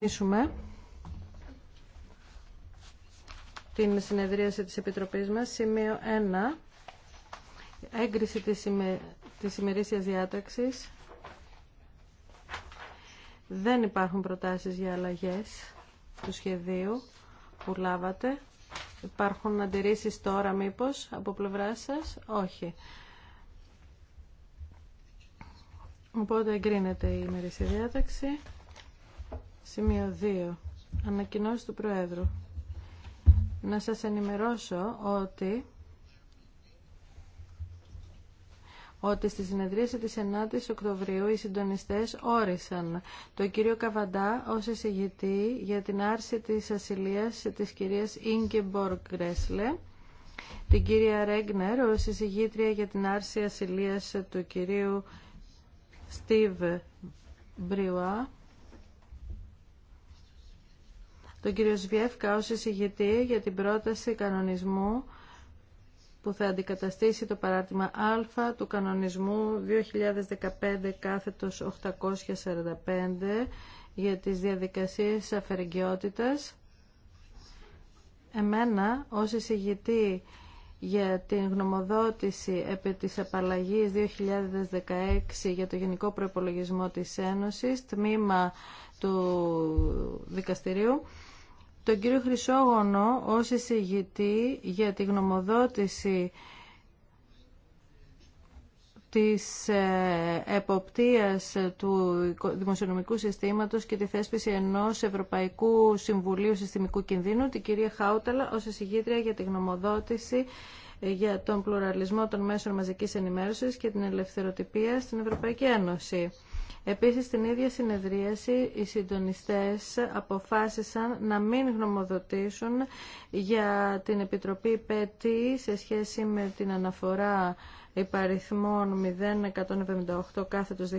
ξεκινήσουμε την συνεδρίαση της Επιτροπής μας. Σημείο 1. Έγκριση της, ημε... της ημερήσιας διάταξης. Δεν υπάρχουν προτάσεις για αλλαγές του σχεδίου που λάβατε. Υπάρχουν αντιρρήσεις τώρα μήπως από πλευρά σας. Όχι. Οπότε εγκρίνεται η ημερήσια διάταξη. Σημείο 2. Ανακοινώσει του Προέδρου. Να σας ενημερώσω ότι ότι στη συνεδρίαση της 9ης Οκτωβρίου οι συντονιστές όρισαν τον κύριο Καβαντά ως εισηγητή για την άρση της ασυλίας της κυρίας Ίγκεμπορ Γκρέσλε, την κυρία Ρέγνερ ως εισηγήτρια για την άρση ασυλίας του κυρίου Στίβ Μπριουά, τον κύριο Σβιεύκα ως εισηγητή για την πρόταση κανονισμού που θα αντικαταστήσει το παράρτημα Α του κανονισμού 2015 κάθετος 845 για τις διαδικασίες αφαιρεγγιότητας. Εμένα ως εισηγητή για την γνωμοδότηση επί της απαλλαγής 2016 για το Γενικό Προϋπολογισμό της Ένωσης, τμήμα του Δικαστηρίου, τον κύριο Χρυσόγονο ως εισηγητή για τη γνωμοδότηση της ε, εποπτείας του δημοσιονομικού συστήματος και τη θέσπιση ενός Ευρωπαϊκού Συμβουλίου Συστημικού Κινδύνου, την κυρία Χάουταλα ως εισηγήτρια για τη γνωμοδότηση ε, για τον πλουραλισμό των μέσων μαζικής ενημέρωσης και την ελευθεροτυπία στην Ευρωπαϊκή Ένωση. Επίσης, στην ίδια συνεδρίαση, οι συντονιστές αποφάσισαν να μην γνωμοδοτήσουν για την Επιτροπή ΠΕΤΗ σε σχέση με την αναφορά υπαριθμών 0178 κάθετος 2017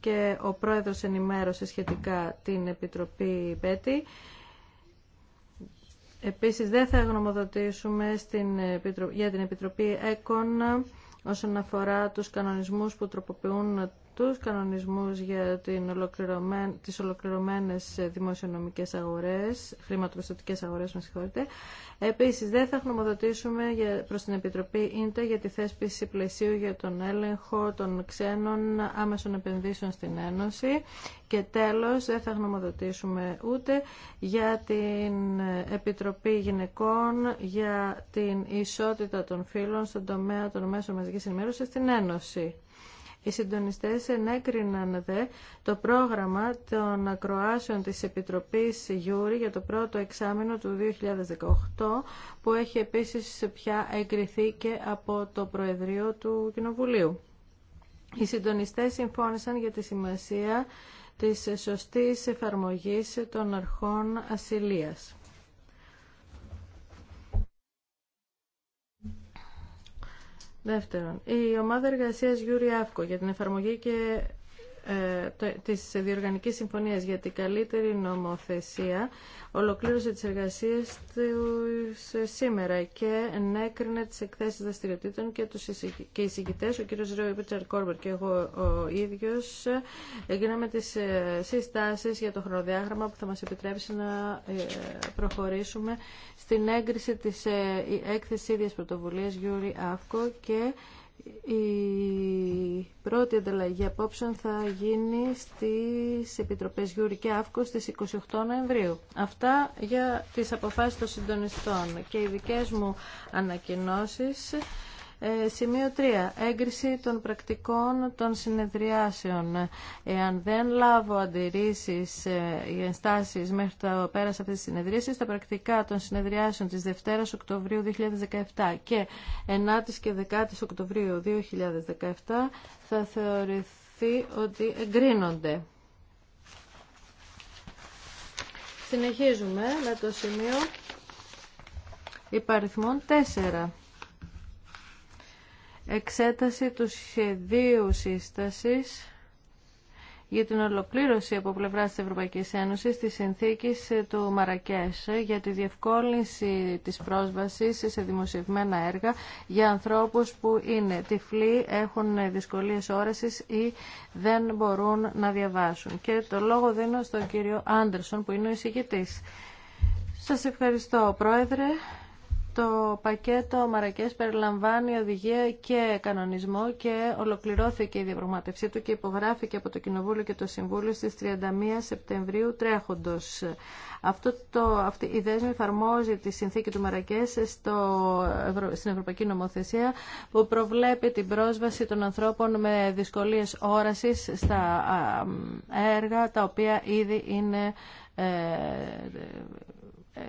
και ο πρόεδρος ενημέρωσε σχετικά την Επιτροπή ΠΕΤΗ. Επίσης, δεν θα γνωμοδοτήσουμε στην, για την Επιτροπή ΕΚΟΝ όσον αφορά τους κανονισμούς που τροποποιούν τους κανονισμούς για την ολοκληρωμένε τις ολοκληρωμένες δημοσιονομικές αγορές, χρηματοπιστωτικές αγορές, με συγχωρείτε. Επίσης, δεν θα χρηματοδοτήσουμε για... προς την Επιτροπή ίντα για τη θέσπιση πλαισίου για τον έλεγχο των ξένων άμεσων επενδύσεων στην Ένωση. Και τέλος, δεν θα γνωμοδοτήσουμε ούτε για την Επιτροπή Γυναικών για την ισότητα των φύλων στον τομέα των μέσων μαζικής ενημέρωσης στην Ένωση. Οι συντονιστές ενέκριναν δε το πρόγραμμα των ακροάσεων της Επιτροπής Γιούρη για το πρώτο εξάμεινο του 2018 που έχει επίσης πια εγκριθεί και από το Προεδρείο του Κοινοβουλίου. Οι συντονιστές συμφώνησαν για τη σημασία της σωστής εφαρμογής των αρχών ασυλίας. Δεύτερον, η ομάδα εργασίας Γιούρι Αύκο για την εφαρμογή και ε, της Διοργανικής Συμφωνίας για την καλύτερη νομοθεσία ολοκλήρωσε τις εργασίες του ε, σήμερα και ενέκρινε τις εκθέσεις δραστηριοτήτων και, τους και οι ο κύριος Ρέο Κόρμπερ και εγώ ο ίδιος, έγιναμε τις ε, συστάσεις για το χρονοδιάγραμμα που θα μας επιτρέψει να προχωρήσουμε στην έγκριση της έκθεσης ίδιας πρωτοβουλίας Γιούρι Αύκο και η πρώτη ανταλλαγή απόψεων θα γίνει στις Επιτροπές Γιούρη και Αύκο στις 28 Νοεμβρίου. Αυτά για τις αποφάσεις των συντονιστών και οι δικές μου ανακοινώσεις. Ε, σημείο 3. Έγκριση των πρακτικών των συνεδριάσεων. Εάν δεν λάβω αντιρρήσει ε, ή ενστάσεις μέχρι το πέρα αυτή τη συνεδρίασης, τα πρακτικά των συνεδριάσεων της Δευτέρας Οκτωβρίου 2017 και 9 η και 10 η Οκτωβρίου 2017 θα θεωρηθεί ότι εγκρίνονται. Συνεχίζουμε με το σημείο υπαριθμών 4 εξέταση του σχεδίου σύστασης για την ολοκλήρωση από πλευρά της Ευρωπαϊκής Ένωσης της συνθήκης του Μαρακέσε για τη διευκόλυνση της πρόσβασης σε δημοσιευμένα έργα για ανθρώπους που είναι τυφλοί, έχουν δυσκολίες όραση ή δεν μπορούν να διαβάσουν. Και το λόγο δίνω στον κύριο Άντερσον που είναι ο εισηγητής. Σας ευχαριστώ, Πρόεδρε το πακέτο Μαρακές περιλαμβάνει οδηγία και κανονισμό και ολοκληρώθηκε η διαπραγματευσή του και υπογράφηκε από το Κοινοβούλιο και το Συμβούλιο στις 31 Σεπτεμβρίου τρέχοντος. Αυτό το, αυτή η δέσμη εφαρμόζει τη συνθήκη του Μαρακές στο, στην Ευρωπαϊκή Νομοθεσία που προβλέπει την πρόσβαση των ανθρώπων με δυσκολίες όρασης στα έργα τα οποία ήδη είναι ε, ε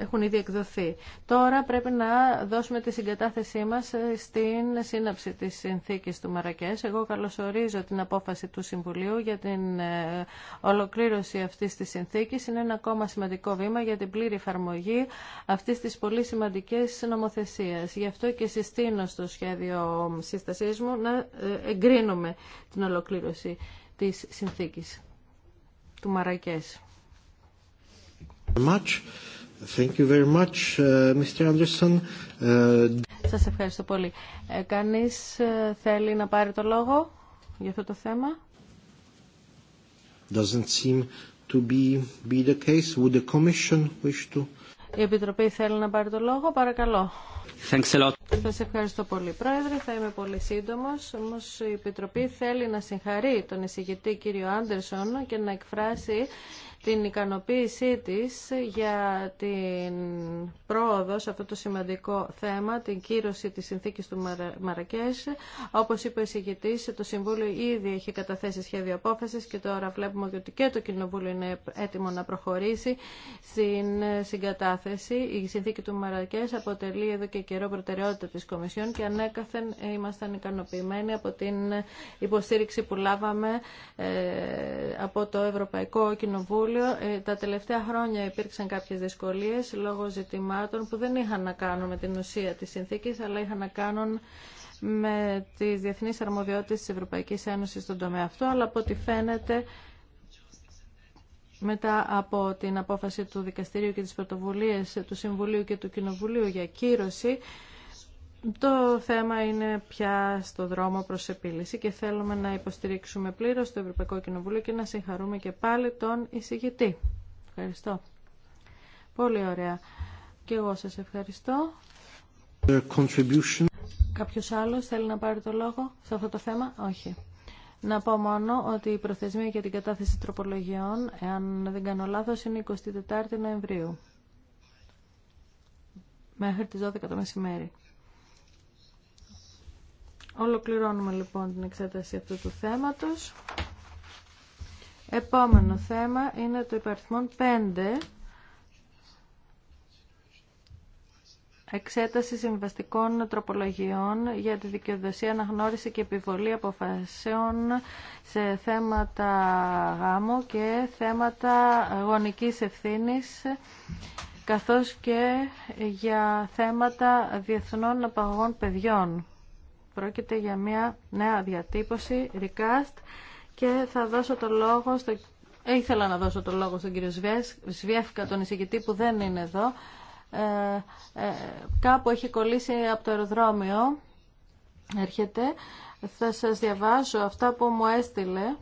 έχουν ήδη εκδοθεί. Τώρα πρέπει να δώσουμε τη συγκατάθεσή μας ε, στην σύναψη της συνθήκης του Μαρακές. Εγώ καλωσορίζω την απόφαση του Συμβουλίου για την ε, ολοκλήρωση αυτής της συνθήκης. Είναι ένα ακόμα σημαντικό βήμα για την πλήρη εφαρμογή αυτής της πολύ σημαντικής νομοθεσίας. Γι' αυτό και συστήνω στο σχέδιο σύστασή μου να ε, εγκρίνουμε την ολοκλήρωση της συνθήκης του Μαρακές. Thank uh, uh, Σας ευχαριστώ πολύ. Ε, κανείς ε, θέλει να πάρει το λόγο για αυτό το θέμα? Doesn't seem to be, be the case. the Commission to... Η Επιτροπή θέλει να πάρει το λόγο. Παρακαλώ. Thanks a lot. Σας ευχαριστώ πολύ, Πρόεδρε. Θα είμαι πολύ σύντομος. Όμως η Επιτροπή θέλει να συγχαρεί τον εισηγητή κύριο Άντερσον και να εκφράσει την ικανοποίησή της για την πρόοδο σε αυτό το σημαντικό θέμα, την κύρωση της συνθήκης του Μαρα... Μαρακές. Όπως είπε ο εισηγητής, το Συμβούλιο ήδη έχει καταθέσει σχέδιο απόφασης και τώρα βλέπουμε ότι και το Κοινοβούλιο είναι έτοιμο να προχωρήσει στην συγκατάθεση. Η συνθήκη του Μαρακές αποτελεί εδώ και καιρό προτεραιότητα της Κομισιόν και ανέκαθεν ήμασταν ικανοποιημένοι από την υποστήριξη που λάβαμε ε, από το Ευρωπαϊκό Κοινοβούλιο ε, τα τελευταία χρόνια υπήρξαν κάποιες δυσκολίες λόγω ζητημάτων που δεν είχαν να κάνουν με την ουσία της συνθήκης, αλλά είχαν να κάνουν με τι διεθνεί αρμοδιότητε τη Ευρωπαϊκής Ένωσης στον τομέα αυτό, αλλά από ό,τι φαίνεται μετά από την απόφαση του Δικαστηρίου και τις πρωτοβουλίες του Συμβουλίου και του Κοινοβουλίου για κύρωση, το θέμα είναι πια στο δρόμο προς επίλυση και θέλουμε να υποστηρίξουμε πλήρως το Ευρωπαϊκό Κοινοβούλιο και να συγχαρούμε και πάλι τον εισηγητή. Ευχαριστώ. Πολύ ωραία. Και εγώ σας ευχαριστώ. Κάποιος άλλος θέλει να πάρει το λόγο σε αυτό το θέμα. Όχι. Να πω μόνο ότι η προθεσμία για την κατάθεση τροπολογιών, εάν δεν κάνω λάθος, είναι 24 Νοεμβρίου. Μέχρι τις 12 το μεσημέρι. Ολοκληρώνουμε λοιπόν την εξέταση αυτού του θέματος. Επόμενο θέμα είναι το υπαριθμόν 5. Εξέταση συμβαστικών τροπολογιών για τη δικαιοδοσία, αναγνώριση και επιβολή αποφασεών σε θέματα γάμου και θέματα γονικής ευθύνης καθώς και για θέματα διεθνών απαγωγών παιδιών. Πρόκειται για μια νέα διατύπωση, recast, και θα δώσω το λόγο στο... Ε, ήθελα να δώσω το λόγο στον κύριο Σβιέφκα, τον εισηγητή που δεν είναι εδώ. Ε, ε, κάπου έχει κολλήσει από το αεροδρόμιο. Έρχεται. Θα σας διαβάσω αυτά που μου έστειλε.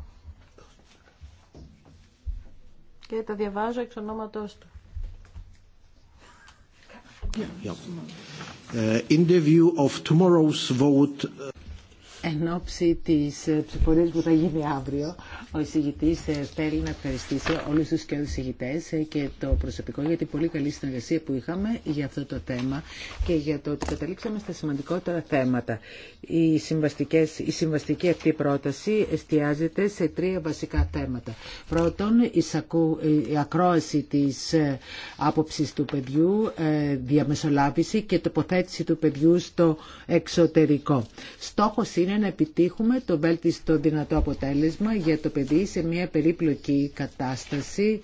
Και τα διαβάζω εξ ονόματός του. In the view of tomorrow's vote... Εν ώψη τη ψηφορία ε, που θα γίνει αύριο, ο εισηγητή ε, θέλει να ευχαριστήσει όλου του και εισηγητέ ε, και το προσωπικό για την πολύ καλή συνεργασία που είχαμε για αυτό το θέμα και για το ότι καταλήξαμε στα σημαντικότερα θέματα. Η, η συμβαστική αυτή πρόταση εστιάζεται σε τρία βασικά θέματα. Πρώτον, η, ακρόαση τη άποψη του παιδιού, διαμεσολάβηση και τοποθέτηση του παιδιού στο εξωτερικό. Στόχο είναι είναι να επιτύχουμε το βέλτιστο δυνατό αποτέλεσμα για το παιδί σε μια περίπλοκη κατάσταση,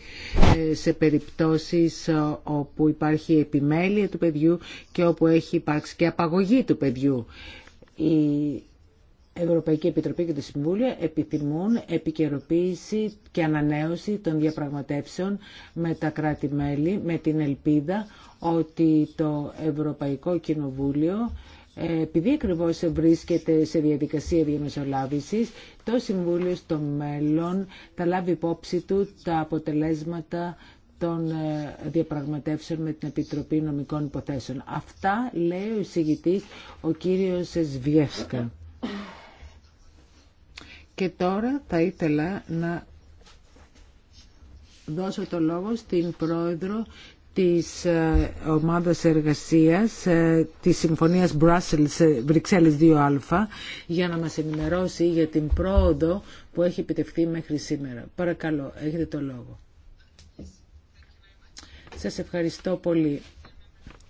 ε, σε περιπτώσεις ε, όπου υπάρχει επιμέλεια του παιδιού και όπου έχει υπάρξει και απαγωγή του παιδιού. Η Ευρωπαϊκή Επιτροπή και το Συμβούλιο επιθυμούν επικαιροποίηση και ανανέωση των διαπραγματεύσεων με τα κράτη-μέλη με την ελπίδα ότι το Ευρωπαϊκό Κοινοβούλιο επειδή ακριβώ βρίσκεται σε διαδικασία διαμεσολάβησης, το Συμβούλιο στο μέλλον θα λάβει υπόψη του τα αποτελέσματα των ε, διαπραγματεύσεων με την Επιτροπή Νομικών Υποθέσεων. Αυτά λέει ο εισηγητής ο κύριος Σβιεύσκα. Και τώρα θα ήθελα να δώσω το λόγο στην πρόεδρο της ε, ομάδας εργασίας ε, της Συμφωνίας Brussels ε, Βρυξέλλες 2α για να μας ενημερώσει για την πρόοδο που έχει επιτευχθεί μέχρι σήμερα. Παρακαλώ, έχετε το λόγο. Σας ευχαριστώ πολύ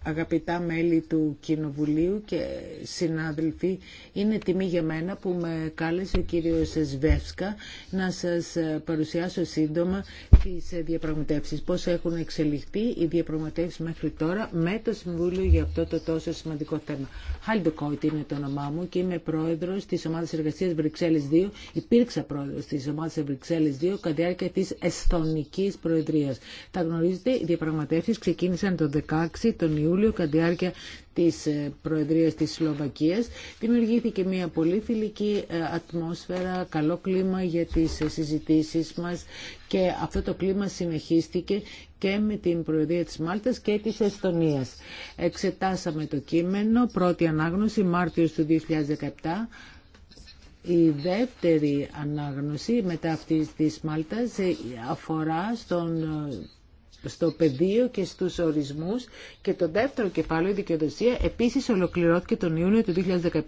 αγαπητά μέλη του Κοινοβουλίου και συνάδελφοι, είναι τιμή για μένα που με κάλεσε ο κύριος Σβεύσκα να σας παρουσιάσω σύντομα τις διαπραγματεύσεις, πώς έχουν εξελιχθεί οι διαπραγματεύσεις μέχρι τώρα με το Συμβούλιο για αυτό το τόσο σημαντικό θέμα. Χάλιντο Κόιτ είναι το όνομά μου και είμαι πρόεδρος της ομάδας εργασίας Βρυξέλλες 2. Υπήρξα πρόεδρος της ομάδας Βρυξέλλες 2 κατά διάρκεια της Εσθονικής Προεδρίας. Τα γνωρίζετε, οι διαπραγματεύσεις ξεκίνησαν τον 16 τον Ιούλιο κατά διάρκεια της ε, Προεδρίας της Σλοβακίας δημιουργήθηκε μια πολύ φιλική ε, ατμόσφαιρα, καλό κλίμα για τις ε, συζητήσεις μας και αυτό το κλίμα συνεχίστηκε και με την Προεδρία της Μάλτας και της Εστονίας. Εξετάσαμε το κείμενο, πρώτη ανάγνωση, Μάρτιος του 2017, η δεύτερη ανάγνωση μετά αυτής της Μάλτας αφορά στον στο πεδίο και στους ορισμούς και το δεύτερο κεφάλαιο, η δικαιοδοσία, επίσης ολοκληρώθηκε τον Ιούνιο του 2017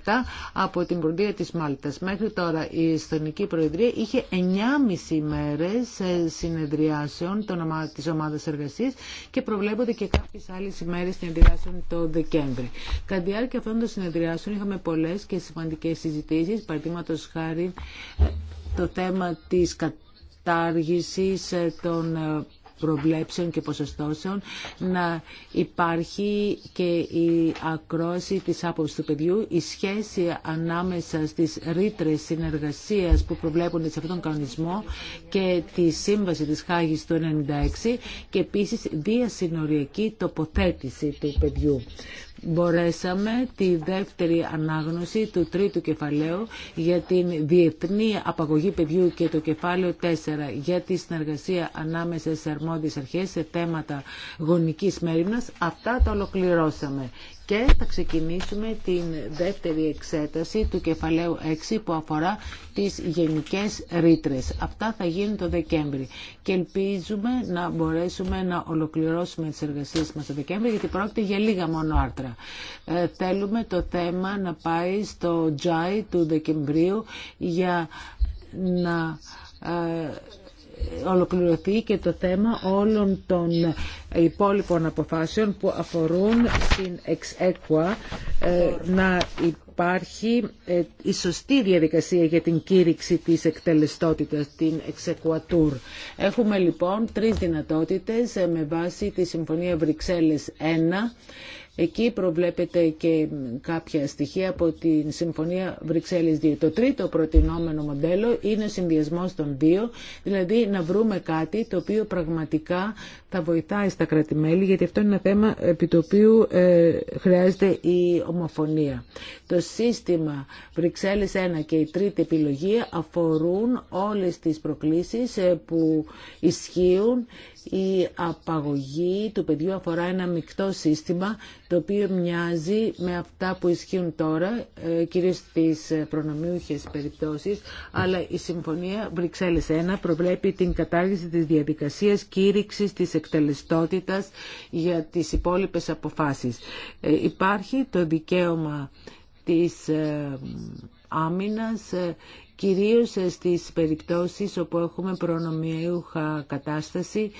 από την Προεδρία της Μάλτας. Μέχρι τώρα η Εστονική Προεδρία είχε 9,5 ημέρες ε, συνεδριάσεων της ομάδας εργασίας και προβλέπονται και κάποιες άλλες ημέρες συνεδριάσεων το Δεκέμβρη. Κατά τη διάρκεια αυτών των συνεδριάσεων είχαμε πολλές και σημαντικές συζητήσεις, παραδείγματος χάρη ε, το θέμα της κατάργησης ε, των προβλέψεων και ποσοστώσεων να υπάρχει και η ακρόση της άποψη του παιδιού, η σχέση ανάμεσα στις ρήτρε συνεργασίας που προβλέπονται σε αυτόν τον κανονισμό και τη σύμβαση της Χάγης του 1996 και επίσης διασυνοριακή τοποθέτηση του παιδιού μπορέσαμε τη δεύτερη ανάγνωση του τρίτου κεφαλαίου για την διεθνή απαγωγή παιδιού και το κεφάλαιο 4 για τη συνεργασία ανάμεσα σε αρμόδιες αρχές σε θέματα γονικής μέρημνας. Αυτά τα ολοκληρώσαμε και θα ξεκινήσουμε την δεύτερη εξέταση του κεφαλαίου 6 που αφορά τις γενικές ρήτρε. Αυτά θα γίνουν το Δεκέμβρη και ελπίζουμε να μπορέσουμε να ολοκληρώσουμε τις εργασίες μας το Δεκέμβρη γιατί πρόκειται για λίγα μόνο άρτρα. Ε, θέλουμε το θέμα να πάει στο Τζάι του Δεκεμβρίου για να ε, ολοκληρωθεί και το θέμα όλων των υπόλοιπων αποφάσεων που αφορούν στην εξέκουα να υπάρχει ε, η σωστή διαδικασία για την κήρυξη της εκτελεστότητας, την εξεκουατούρ. Έχουμε λοιπόν τρεις δυνατότητες ε, με βάση τη Συμφωνία Βρυξέλλες 1 Εκεί προβλέπεται και κάποια στοιχεία από την Συμφωνία Βρυξέλλης 2. Το τρίτο προτινόμενο μοντέλο είναι ο συνδυασμό των δύο, δηλαδή να βρούμε κάτι το οποίο πραγματικά θα βοηθάει στα κρατημέλη, γιατί αυτό είναι ένα θέμα επί το οποίο ε, χρειάζεται η ομοφωνία. Το σύστημα Βρυξέλλης 1 και η τρίτη επιλογή αφορούν όλες τις προκλήσεις ε, που ισχύουν. Η απαγωγή του παιδιού αφορά ένα μεικτό σύστημα το οποίο μοιάζει με αυτά που ισχύουν τώρα, ε, κυρίως στις ε, προνομιούχες περιπτώσεις, αλλά η Συμφωνία Βρυξέλλες 1 προβλέπει την κατάργηση της διαδικασίας κήρυξης της εκτελεστότητας για τις υπόλοιπες αποφάσεις. Ε, υπάρχει το δικαίωμα της άμυνας κυρίως στις περιπτώσεις όπου έχουμε προνομιούχα κατάσταση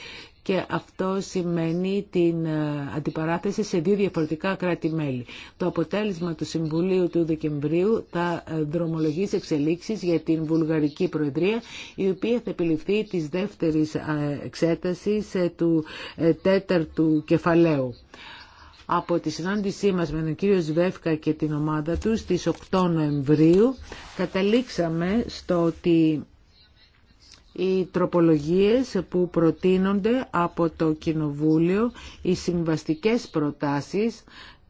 και αυτό σημαίνει την ε, αντιπαράθεση σε δύο διαφορετικά κράτη-μέλη. Το αποτέλεσμα του Συμβουλίου του Δεκεμβρίου θα ε, δρομολογήσει εξελίξεις για την Βουλγαρική Προεδρία, η οποία θα επιληφθεί της δεύτερης ε, εξέτασης του τέταρτου κεφαλαίου. Από τη συνάντησή μας με τον κύριο Σβέφκα και την ομάδα του στις 8 Νοεμβρίου καταλήξαμε στο ότι οι τροπολογίες που προτείνονται από το Κοινοβούλιο, οι συμβαστικές προτάσεις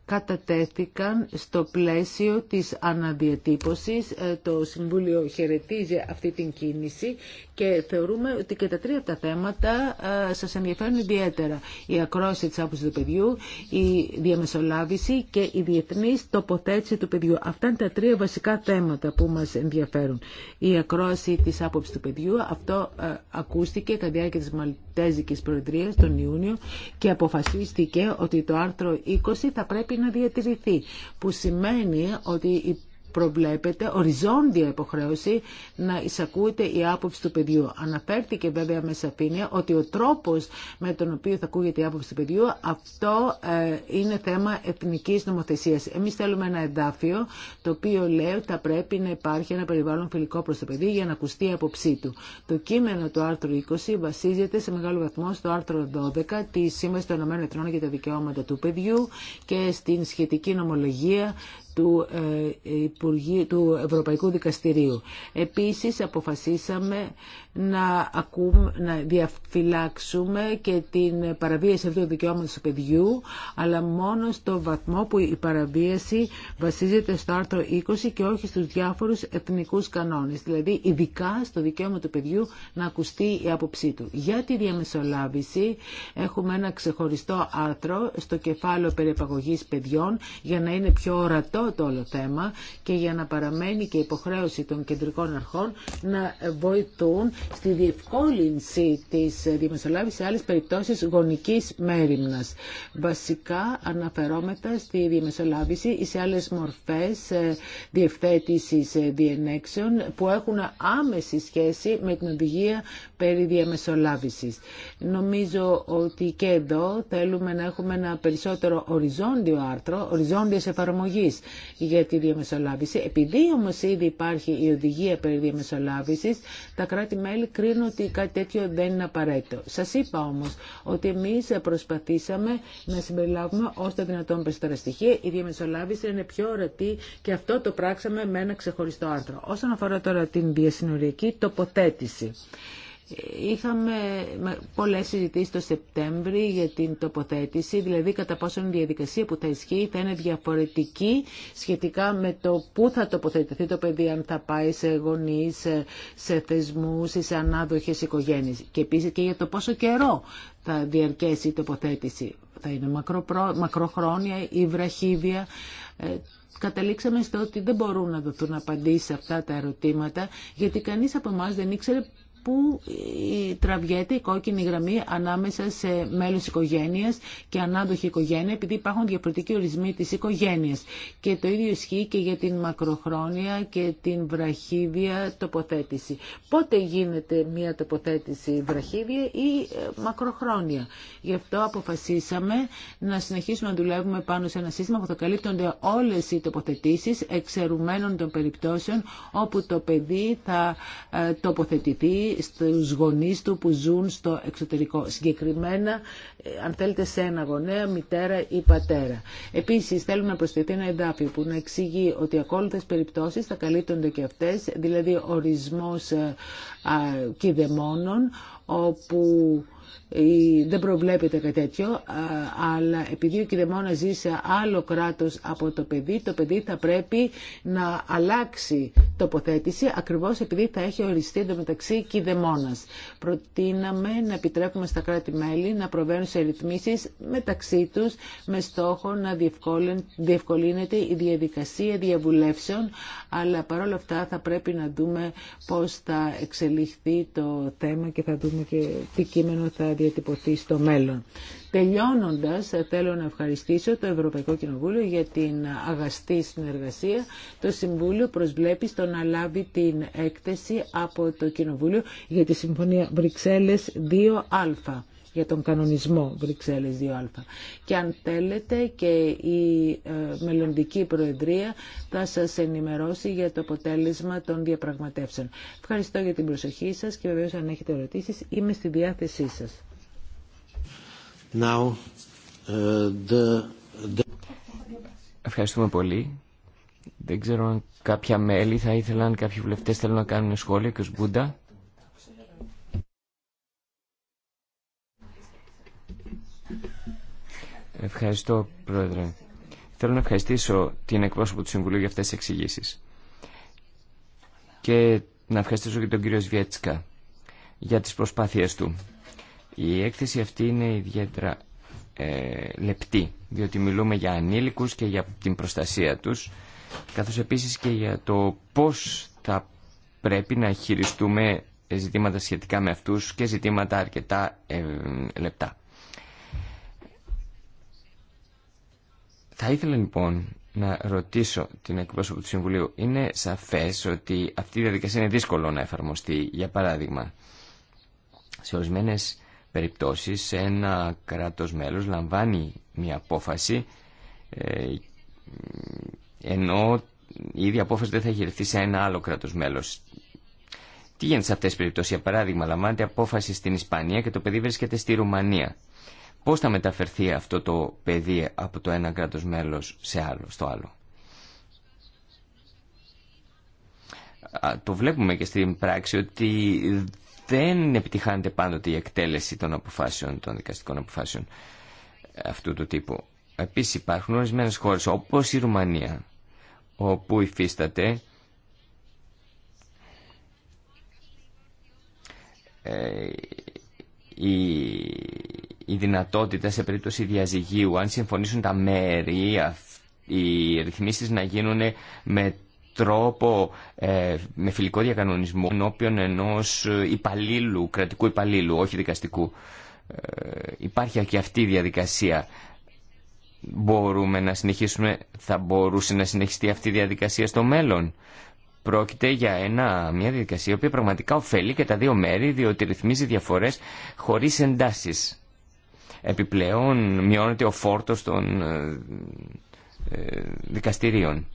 κατατέθηκαν στο πλαίσιο της αναδιατύπωσης. Ε, το Συμβούλιο χαιρετίζει αυτή την κίνηση και θεωρούμε ότι και τα τρία αυτά θέματα ε, σας ενδιαφέρουν ιδιαίτερα. Η ακρόαση της άποψης του παιδιού, η διαμεσολάβηση και η διεθνής τοποθέτηση του παιδιού. Αυτά είναι τα τρία βασικά θέματα που μας ενδιαφέρουν. Η ακρόαση της άποψης του παιδιού, αυτό ε, ακούστηκε κατά διάρκεια της Μαλτέζικης Προεδρίας τον Ιούνιο και αποφασίστηκε ότι το άρθρο 20 θα πρέπει να διατηρηθεί, που σημαίνει ότι προβλέπεται οριζόντια υποχρέωση να εισακούεται η άποψη του παιδιού. Αναφέρθηκε βέβαια με σαφήνεια ότι ο τρόπος με τον οποίο θα ακούγεται η άποψη του παιδιού αυτό ε, είναι θέμα εθνικής νομοθεσίας. Εμείς θέλουμε ένα εντάφιο το οποίο λέει ότι θα πρέπει να υπάρχει ένα περιβάλλον φιλικό προς το παιδί για να ακουστεί η άποψή του. Το κείμενο του άρθρου 20 βασίζεται σε μεγάλο βαθμό στο άρθρο 12 της Σύμβασης των ΗΠΑ για τα Δικαιώματα του Παιδιού και στην σχετική νομολογία ε, του, Ευρωπαϊκού Δικαστηρίου. Επίσης αποφασίσαμε να, ακούμε, να διαφυλάξουμε και την παραβίαση αυτού του δικαιώματο του παιδιού, αλλά μόνο στο βαθμό που η παραβίαση βασίζεται στο άρθρο 20 και όχι στους διάφορους εθνικούς κανόνες. Δηλαδή, ειδικά στο δικαίωμα του παιδιού να ακουστεί η άποψή του. Για τη διαμεσολάβηση έχουμε ένα ξεχωριστό άρθρο στο κεφάλαιο περιεπαγωγής παιδιών για να είναι πιο ορατό το όλο θέμα και για να παραμένει και υποχρέωση των κεντρικών αρχών να βοηθούν στη διευκόλυνση της διαμεσολάβησης σε άλλες περιπτώσεις γονικής μέρημνας. Βασικά αναφερόμετα στη διαμεσολάβηση ή σε άλλες μορφές ε, διευθέτησης ε, διενέξεων που έχουν άμεση σχέση με την οδηγία περί διαμεσολάβησης. Νομίζω ότι και εδώ θέλουμε να έχουμε ένα περισσότερο οριζόντιο άρθρο, οριζόντιας εφαρμογής για τη διαμεσολάβηση. Επειδή όμως ήδη υπάρχει η οδηγία περί διαμεσολάβησης, τα κρατη κρατη ότι κάτι τέτοιο δεν είναι απαραίτητο. Σας είπα όμω ότι εμεί προσπαθήσαμε να συμπεριλάβουμε όσο δυνατόν περισσότερα στοιχεία. Η διαμεσολάβηση είναι πιο ορατή και αυτό το πράξαμε με ένα ξεχωριστό άρθρο. Όσον αφορά τώρα την διασυνοριακή τοποθέτηση. Είχαμε πολλές συζητήσεις το Σεπτέμβρη για την τοποθέτηση, δηλαδή κατά πόσο η διαδικασία που θα ισχύει θα είναι διαφορετική σχετικά με το πού θα τοποθετηθεί το παιδί, αν θα πάει σε γονείς, σε θεσμούς ή σε ανάδοχες οικογένειες. Και επίσης και για το πόσο καιρό θα διαρκέσει η τοποθέτηση. Θα είναι μακροπρο... μακροχρόνια ή βραχίδια ε, καταλήξαμε στο ότι δεν μπορούν να δοθούν απαντήσεις σε αυτά τα ερωτήματα, γιατί κανείς από εμά δεν ήξερε πού τραβιέται η κόκκινη γραμμή ανάμεσα σε μέλος οικογένειας και ανάδοχη οικογένεια, επειδή υπάρχουν διαφορετικοί ορισμοί της οικογένειας. Και το ίδιο ισχύει και για την μακροχρόνια και την βραχίδια τοποθέτηση. Πότε γίνεται μια τοποθέτηση βραχίδια ή ε, μακροχρόνια. Γι' αυτό αποφασίσαμε να συνεχίσουμε να δουλεύουμε πάνω σε ένα σύστημα που θα καλύπτονται όλες οι τοποθετήσεις εξαιρουμένων των περιπτώσεων όπου το παιδί θα ε, τοποθετηθεί στους γονείς του που ζουν στο εξωτερικό. Συγκεκριμένα, ε, αν θέλετε, σε ένα γονέα, μητέρα ή πατέρα. Επίσης, θέλουμε να προσθεθεί ένα εντάφιο που να εξηγεί ότι ακόλουθες περιπτώσεις θα καλύπτονται και αυτές, δηλαδή ορισμός ε, κηδεμόνων, όπου δεν προβλέπεται κάτι τέτοιο, αλλά επειδή ο κυδεμόνα ζει σε άλλο κράτο από το παιδί, το παιδί θα πρέπει να αλλάξει τοποθέτηση, ακριβώ επειδή θα έχει οριστεί εντωμεταξύ κυδεμόνα. Προτείναμε να επιτρέπουμε στα κράτη-μέλη να προβαίνουν σε ρυθμίσεις μεταξύ τους με στόχο να διευκολύνεται η διαδικασία διαβουλεύσεων, αλλά παρόλα αυτά θα πρέπει να δούμε πώ θα εξελιχθεί το θέμα και θα δούμε και τι κείμενο θα διατυπωθεί στο μέλλον. Τελειώνοντας, θέλω να ευχαριστήσω το Ευρωπαϊκό Κοινοβούλιο για την αγαστή συνεργασία. Το Συμβούλιο προσβλέπει στο να λάβει την έκθεση από το Κοινοβούλιο για τη Συμφωνία Βρυξέλλες 2α για τον κανονισμό Βρυξέλλες 2α. Και αν θέλετε και η ε, μελλοντική Προεδρία θα σας ενημερώσει για το αποτέλεσμα των διαπραγματεύσεων. Ευχαριστώ για την προσοχή σας και βεβαίως αν έχετε ερωτήσεις είμαι στη διάθεσή σας. Now, uh, the, the... Ευχαριστούμε πολύ. Δεν ξέρω αν κάποια μέλη θα ήθελαν, κάποιοι βουλευτές θέλουν να κάνουν σχόλια και ω Μπούντα. Ευχαριστώ, Πρόεδρε. Θέλω να ευχαριστήσω την εκπρόσωπο του Συμβουλίου για αυτές τις εξηγήσεις. Και να ευχαριστήσω και τον κύριο Σβιέτσκα για τις προσπάθειες του. Η έκθεση αυτή είναι ιδιαίτερα ε, λεπτή, διότι μιλούμε για ανήλικους και για την προστασία τους, καθώς επίσης και για το πώς θα πρέπει να χειριστούμε ζητήματα σχετικά με αυτούς και ζητήματα αρκετά ε, λεπτά. Θα ήθελα λοιπόν να ρωτήσω την εκπρόσωπο του Συμβουλίου. Είναι σαφές ότι αυτή η διαδικασία είναι δύσκολο να εφαρμοστεί. Για παράδειγμα, σε ορισμένε περιπτώσεις ένα κράτος μέλος λαμβάνει μια απόφαση ε, ενώ η ίδια απόφαση δεν θα έχει σε ένα άλλο κράτος μέλος. Τι γίνεται σε αυτές τις περιπτώσεις. Για παράδειγμα, λαμβάνεται απόφαση στην Ισπανία και το παιδί βρίσκεται στη Ρουμανία πώς θα μεταφερθεί αυτό το παιδί από το ένα κράτος μέλος σε άλλο, στο άλλο. Το βλέπουμε και στην πράξη ότι δεν επιτυχάνεται πάντοτε η εκτέλεση των αποφάσεων, των δικαστικών αποφάσεων αυτού του τύπου. Επίσης υπάρχουν ορισμένε χώρες όπως η Ρουμανία όπου υφίσταται ε, η η δυνατότητα σε περίπτωση διαζυγίου, αν συμφωνήσουν τα μέρη, οι ρυθμίσεις να γίνουν με τρόπο, ε, με φιλικό διακανονισμό ενώπιον ενός υπαλλήλου, κρατικού υπαλλήλου, όχι δικαστικού. Ε, υπάρχει και αυτή η διαδικασία. Μπορούμε να συνεχίσουμε, θα μπορούσε να συνεχιστεί αυτή η διαδικασία στο μέλλον. Πρόκειται για ένα, μια διαδικασία η οποία πραγματικά ωφελεί και τα δύο μέρη διότι ρυθμίζει διαφορές χωρίς εντάσεις. Επιπλέον μειώνεται ο φόρτος των ε, ε, δικαστηρίων.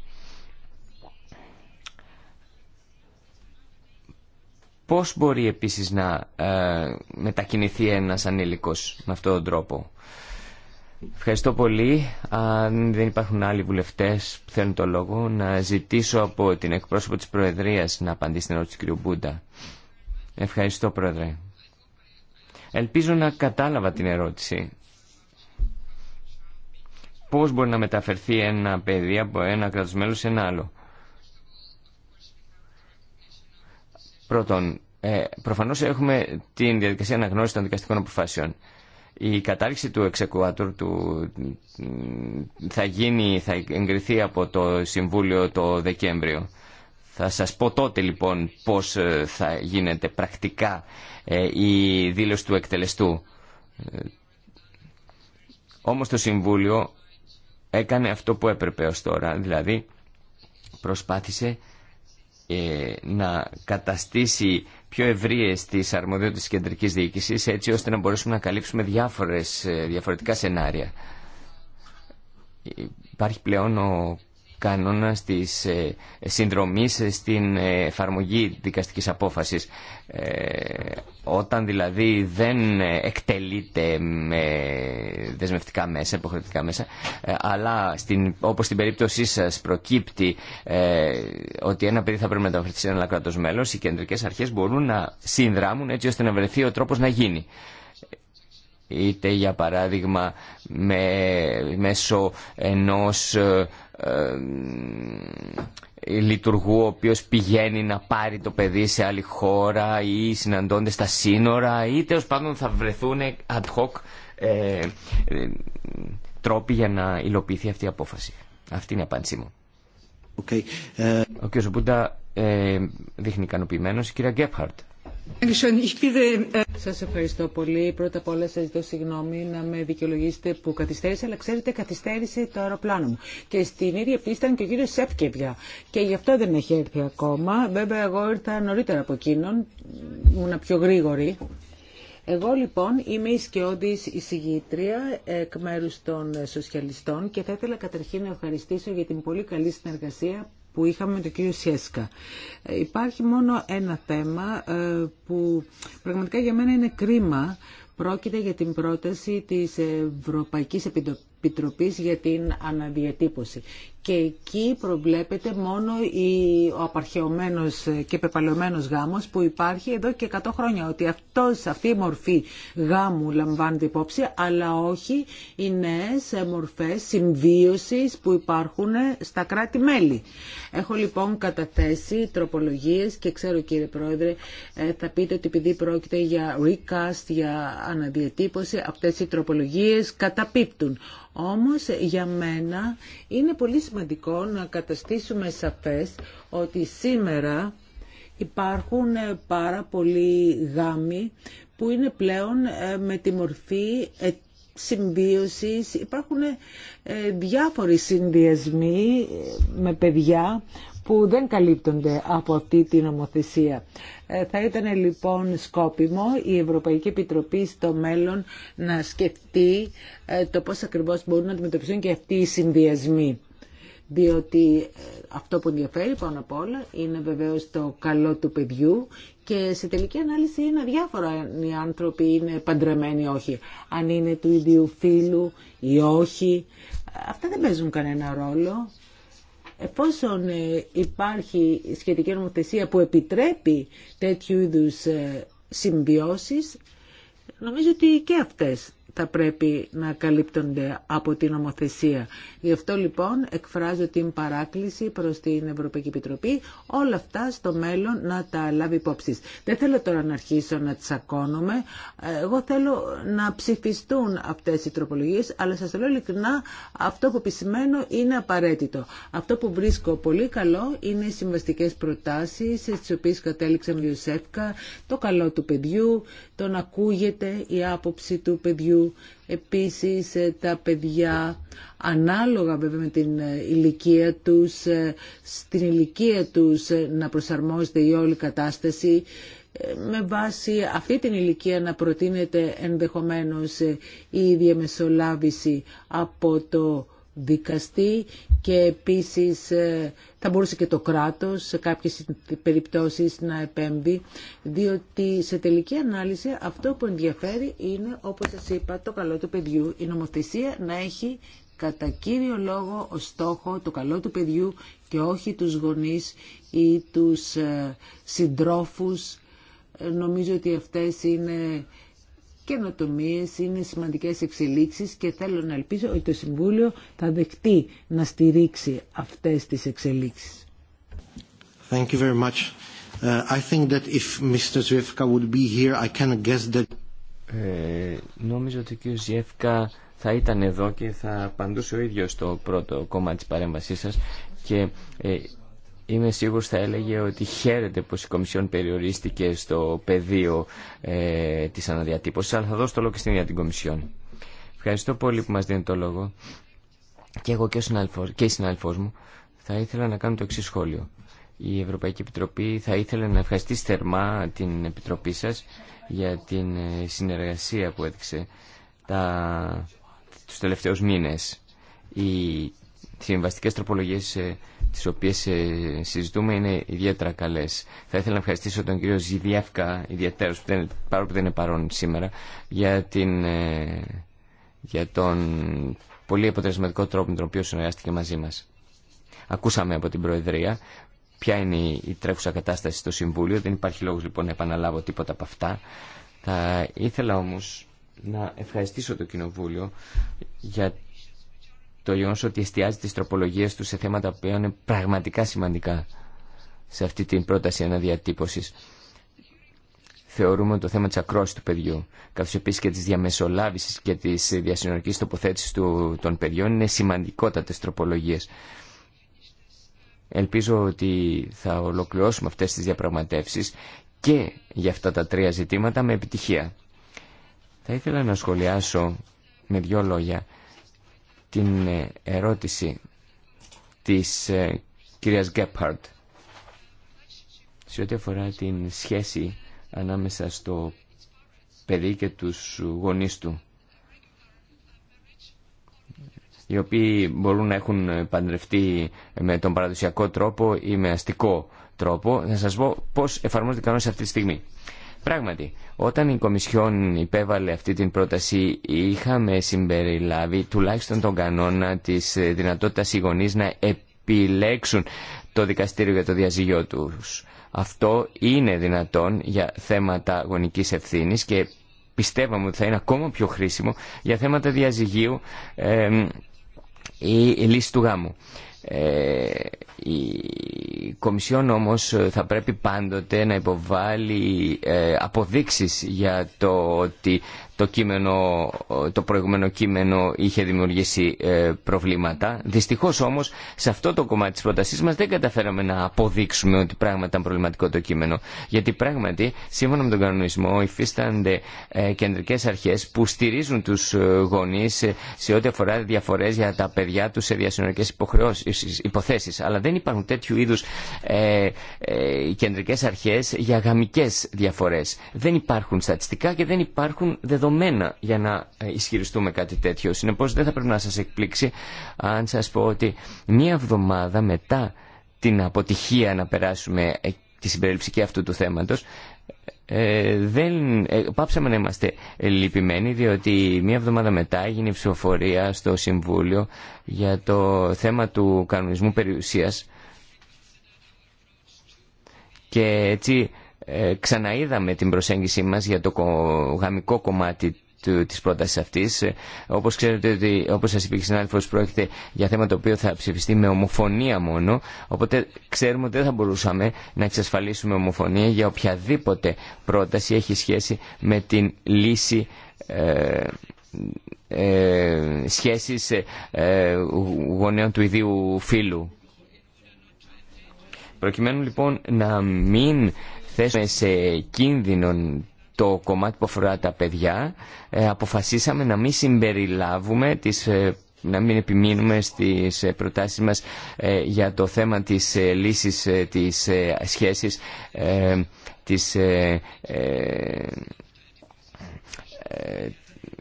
Πώς μπορεί επίσης να ε, μετακινηθεί ένας ανήλικος με αυτόν τον τρόπο. Ευχαριστώ πολύ. Αν δεν υπάρχουν άλλοι βουλευτές που θέλουν το λόγο, να ζητήσω από την εκπρόσωπο της Προεδρίας να απαντήσει την ερώτηση του κ. Μπούντα. Ευχαριστώ, Πρόεδρε. Ελπίζω να κατάλαβα την ερώτηση. Πώς μπορεί να μεταφερθεί ένα παιδί από ένα κράτος σε ένα άλλο. Πρώτον, ε, προφανώς έχουμε την διαδικασία αναγνώρισης των δικαστικών αποφάσεων. Η κατάρριξη του εξεκουάτουρ του, θα, γίνει, θα εγκριθεί από το Συμβούλιο το Δεκέμβριο. Θα σας πω τότε λοιπόν πώς ε, θα γίνεται πρακτικά ε, η δήλωση του εκτελεστού. Ε, όμως το Συμβούλιο έκανε αυτό που έπρεπε ως τώρα, δηλαδή προσπάθησε να καταστήσει πιο ευρείε τι αρμοδιότητε τη κεντρική διοίκηση, έτσι ώστε να μπορέσουμε να καλύψουμε διάφορες, διαφορετικά σενάρια. Υπάρχει πλέον ο Κανόνα της ε, συνδρομής στην εφαρμογή δικαστικής απόφασης. Ε, όταν δηλαδή δεν εκτελείται με δεσμευτικά μέσα, υποχρεωτικά μέσα, ε, αλλά στην, όπως στην περίπτωσή σας προκύπτει ότι ένα παιδί θα πρέπει να μεταφερθεί σε ένα κράτος μέλος, οι κεντρικές αρχές μπορούν να συνδράμουν έτσι ώστε να βρεθεί ο τρόπος να γίνει είτε για παράδειγμα με, μέσω ενός ε, λειτουργού ο οποίος πηγαίνει να πάρει το παιδί σε άλλη χώρα ή συναντώνται στα σύνορα ή τέλος πάντων θα βρεθούν ad hoc ε, ε τρόποι για να υλοποιηθεί αυτή η απόφαση. Αυτή είναι η απάντησή μου. Okay. Ε, ο κ. Σομπούντα ε, δείχνει ικανοποιημένος. Η κ. Äh, σας ευχαριστώ πολύ. Πρώτα απ' όλα σας ζητώ συγγνώμη να με δικαιολογήσετε που καθυστέρησα, αλλά ξέρετε καθυστέρησε το αεροπλάνο μου. Και στην ίδια πτήση ήταν και ο κύριος Σέπκεβια. Και γι' αυτό δεν έχει έρθει ακόμα. Βέβαια εγώ ήρθα νωρίτερα από εκείνον, ήμουν πιο γρήγορη. Εγώ λοιπόν είμαι η Σκιώδης εισηγήτρια εκ μέρους των σοσιαλιστών και θα ήθελα καταρχήν να ευχαριστήσω για την πολύ καλή συνεργασία που είχαμε με τον κύριο Σιέσκα. Ε, υπάρχει μόνο ένα θέμα ε, που πραγματικά για μένα είναι κρίμα. Πρόκειται για την πρόταση της Ευρωπαϊκής Επιτροπής για την αναδιατύπωση και εκεί προβλέπεται μόνο ο απαρχαιωμένος και πεπαλαιωμένος γάμος που υπάρχει εδώ και 100 χρόνια. Ότι αυτός, αυτή η μορφή γάμου λαμβάνεται υπόψη, αλλά όχι οι νέες μορφές συμβίωσης που υπάρχουν στα κράτη-μέλη. Έχω λοιπόν καταθέσει τροπολογίες και ξέρω κύριε Πρόεδρε, ε, θα πείτε ότι επειδή πρόκειται για recast, για αναδιατύπωση, αυτές οι τροπολογίες καταπίπτουν. Όμως για μένα είναι πολύ σημαντικό να καταστήσουμε σαφές ότι σήμερα υπάρχουν ε, πάρα πολλοί γάμοι που είναι πλέον ε, με τη μορφή ε, συμβίωσης. Υπάρχουν διάφοροι συνδυασμοί με παιδιά που δεν καλύπτονται από αυτή την νομοθεσία. Ε, θα ήταν λοιπόν σκόπιμο η Ευρωπαϊκή Επιτροπή στο μέλλον να σκεφτεί ε, το πώς ακριβώς μπορούν να αντιμετωπιστούν και αυτοί οι συνδυασμοί. Διότι ε, αυτό που ενδιαφέρει πάνω απ' όλα είναι βεβαίως το καλό του παιδιού και σε τελική ανάλυση είναι αδιάφορο αν οι άνθρωποι είναι παντρεμένοι ή όχι. Αν είναι του ίδιου φίλου ή όχι. Αυτά δεν παίζουν κανένα ρόλο. Εφόσον ε, υπάρχει σχετική νομοθεσία που επιτρέπει τέτοιου είδους ε, συμβιώσεις, νομίζω ότι και αυτές θα πρέπει να καλύπτονται από την νομοθεσία. Γι' αυτό λοιπόν εκφράζω την παράκληση προς την Ευρωπαϊκή Επιτροπή όλα αυτά στο μέλλον να τα λάβει υπόψη. Δεν θέλω τώρα να αρχίσω να τσακώνομαι. Εγώ θέλω να ψηφιστούν αυτές οι τροπολογίες, αλλά σας λέω ειλικρινά, αυτό που επισημαίνω είναι απαραίτητο. Αυτό που βρίσκω πολύ καλό είναι οι συμβαστικές προτάσεις, στις οποίες κατέληξαν το καλό του παιδιού, το να ακούγεται η άποψη του παιδιού, Επίσης ε, τα παιδιά ανάλογα βέβαια με την ε, ηλικία τους, ε, στην ηλικία τους να προσαρμόζεται η όλη κατάσταση με βάση αυτή την ηλικία να προτείνεται ενδεχομένως η διαμεσολάβηση από το δικαστή και επίσης ε, θα μπορούσε και το κράτος σε κάποιες περιπτώσεις να επέμβει διότι σε τελική ανάλυση αυτό που ενδιαφέρει είναι όπως σας είπα το καλό του παιδιού η νομοθεσία να έχει κατά κύριο λόγο ο στόχο το καλό του παιδιού και όχι τους γονείς ή τους ε, συντρόφους ε, νομίζω ότι αυτές είναι καινοτομίε, είναι σημαντικέ εξελίξει και θέλω να ελπίζω ότι το Συμβούλιο θα δεχτεί να στηρίξει αυτέ τι εξελίξει. Thank you very much. Uh, I think that if Mr. Zwiefka would be here, I can guess that... Ε, νομίζω ότι ο κ. Ζιεύκα θα ήταν εδώ και θα απαντούσε ο ίδιος στο πρώτο κόμμα της παρέμβασής σας και ε, είμαι σίγουρος θα έλεγε ότι χαίρεται πως η Κομισιόν περιορίστηκε στο πεδίο ε, της αναδιατύπωσης, αλλά θα δώσω το λόγο και στην ίδια την Κομισιόν. Ευχαριστώ πολύ που μας δίνετε το λόγο. Και εγώ και, ο συνάλφος, η συνάλφος μου θα ήθελα να κάνω το εξή σχόλιο. Η Ευρωπαϊκή Επιτροπή θα ήθελε να ευχαριστήσει θερμά την Επιτροπή σας για την ε, συνεργασία που έδειξε τα, τους τελευταίους μήνες. Η συμβαστικέ τροπολογίες ε, τις οποίες ε, συζητούμε είναι ιδιαίτερα καλέ. Θα ήθελα να ευχαριστήσω τον κύριο Ζιδιεύκα, ιδιαίτερο, που δεν, παρόλο που δεν είναι παρόν σήμερα, για, την, ε, για τον πολύ αποτελεσματικό τρόπο με τον οποίο συνεργάστηκε μαζί μα. Ακούσαμε από την Προεδρία ποια είναι η τρέχουσα κατάσταση στο Συμβούλιο. Δεν υπάρχει λόγο λοιπόν να επαναλάβω τίποτα από αυτά. Θα ήθελα όμω να ευχαριστήσω το Κοινοβούλιο για το γεγονό ότι εστιάζει τι τροπολογίε του σε θέματα που είναι πραγματικά σημαντικά σε αυτή την πρόταση αναδιατύπωση. Θεωρούμε το θέμα τη ακρόση του παιδιού, καθώ επίση και τη διαμεσολάβηση και τη διασυνορική τοποθέτηση των παιδιών είναι σημαντικότατε τροπολογίε. Ελπίζω ότι θα ολοκληρώσουμε αυτέ τι διαπραγματεύσει και για αυτά τα τρία ζητήματα με επιτυχία. Θα ήθελα να σχολιάσω με δύο λόγια την ε, ερώτηση της ε, κυρίας Γκέπχαρντ σε ό,τι αφορά την σχέση ανάμεσα στο παιδί και τους γονείς του οι οποίοι μπορούν να έχουν παντρευτεί με τον παραδοσιακό τρόπο ή με αστικό τρόπο. Θα σας πω πώς εφαρμόζεται σε αυτή τη στιγμή. Πράγματι, όταν η Κομισιόν υπέβαλε αυτή την πρόταση είχαμε συμπεριλάβει τουλάχιστον τον κανόνα της δυνατότητας οι γονείς να επιλέξουν το δικαστήριο για το διαζύγιο τους. Αυτό είναι δυνατόν για θέματα γονικής ευθύνης και πιστεύαμε ότι θα είναι ακόμα πιο χρήσιμο για θέματα διαζυγίου ή λύση του γάμου. Ε, η Κομισιόν όμως θα πρέπει πάντοτε να υποβάλει ε, αποδείξεις για το ότι το, κείμενο, ε, το προηγούμενο κείμενο είχε δημιουργήσει ε, προβλήματα. Δυστυχώς όμως σε αυτό το κομμάτι της πρότασής μας δεν καταφέραμε να αποδείξουμε ότι πράγματι ήταν προβληματικό το κείμενο. Γιατί πράγματι σύμφωνα με τον κανονισμό υφίστανται ε, κεντρικές αρχές που στηρίζουν τους γονείς σε ό,τι αφορά διαφορές για τα παιδιά τους σε διασυνορικές υποθέσεις. Αλλά δεν υπάρχουν τέτοιου είδους ε, ε, κεντρικές αρχές για γαμικές διαφορές. Δεν υπάρχουν στατιστικά και δεν υπάρχουν δεδομένα δεδομένα για να ε, ισχυριστούμε κάτι τέτοιο. Συνεπώ δεν θα πρέπει να σας εκπλήξει αν σας πω ότι μία εβδομάδα μετά την αποτυχία να περάσουμε ε, τη συμπεριληψή αυτού του θέματος ε, δεν, πάψαμε να είμαστε λυπημένοι διότι μία εβδομάδα μετά έγινε η ψηφοφορία στο Συμβούλιο για το θέμα του κανονισμού περιουσίας και έτσι ε, ξαναείδαμε την προσέγγιση μας για το γαμικό κομμάτι της πρόταση αυτής. Ε, όπως ξέρετε, ότι, όπως σας είπε και συνάδελφος, πρόκειται για θέμα το οποίο θα ψηφιστεί με ομοφωνία μόνο, οπότε ξέρουμε ότι δεν θα μπορούσαμε να εξασφαλίσουμε ομοφωνία για οποιαδήποτε πρόταση έχει σχέση με την λύση ε, ε σχέσεις ε, ε, γονέων του ιδίου φίλου. Προκειμένου λοιπόν να μην θέσουμε σε κίνδυνο το κομμάτι που αφορά τα παιδιά, ε, αποφασίσαμε να μην συμπεριλάβουμε τις ε, να μην επιμείνουμε στις ε, προτάσεις μας για το θέμα της λύσης της σχέσης της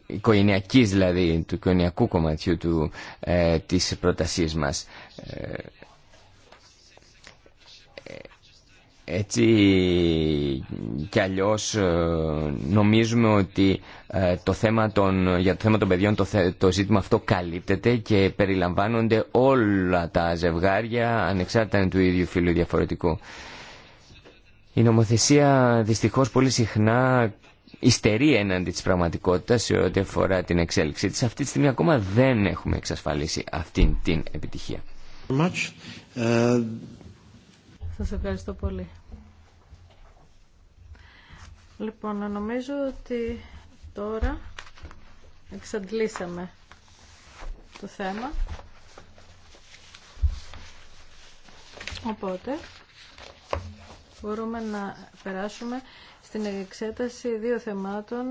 οικογενειακής δηλαδή του οικογενειακού κομματιού του, της προτασής μας έτσι κι αλλιώς ε, νομίζουμε ότι ε, το θέμα των, για το θέμα των παιδιών το, το ζήτημα αυτό καλύπτεται και περιλαμβάνονται όλα τα ζευγάρια ανεξάρτητα του ίδιου φύλου διαφορετικού. Η νομοθεσία δυστυχώς πολύ συχνά ιστερεί έναντι της πραγματικότητας σε ό,τι αφορά την εξέλιξή της. Αυτή τη στιγμή ακόμα δεν έχουμε εξασφαλίσει αυτή την επιτυχία. Ε, Σας ευχαριστώ πολύ. Λοιπόν, νομίζω ότι τώρα εξαντλήσαμε το θέμα. Οπότε, μπορούμε να περάσουμε στην εξέταση δύο θεμάτων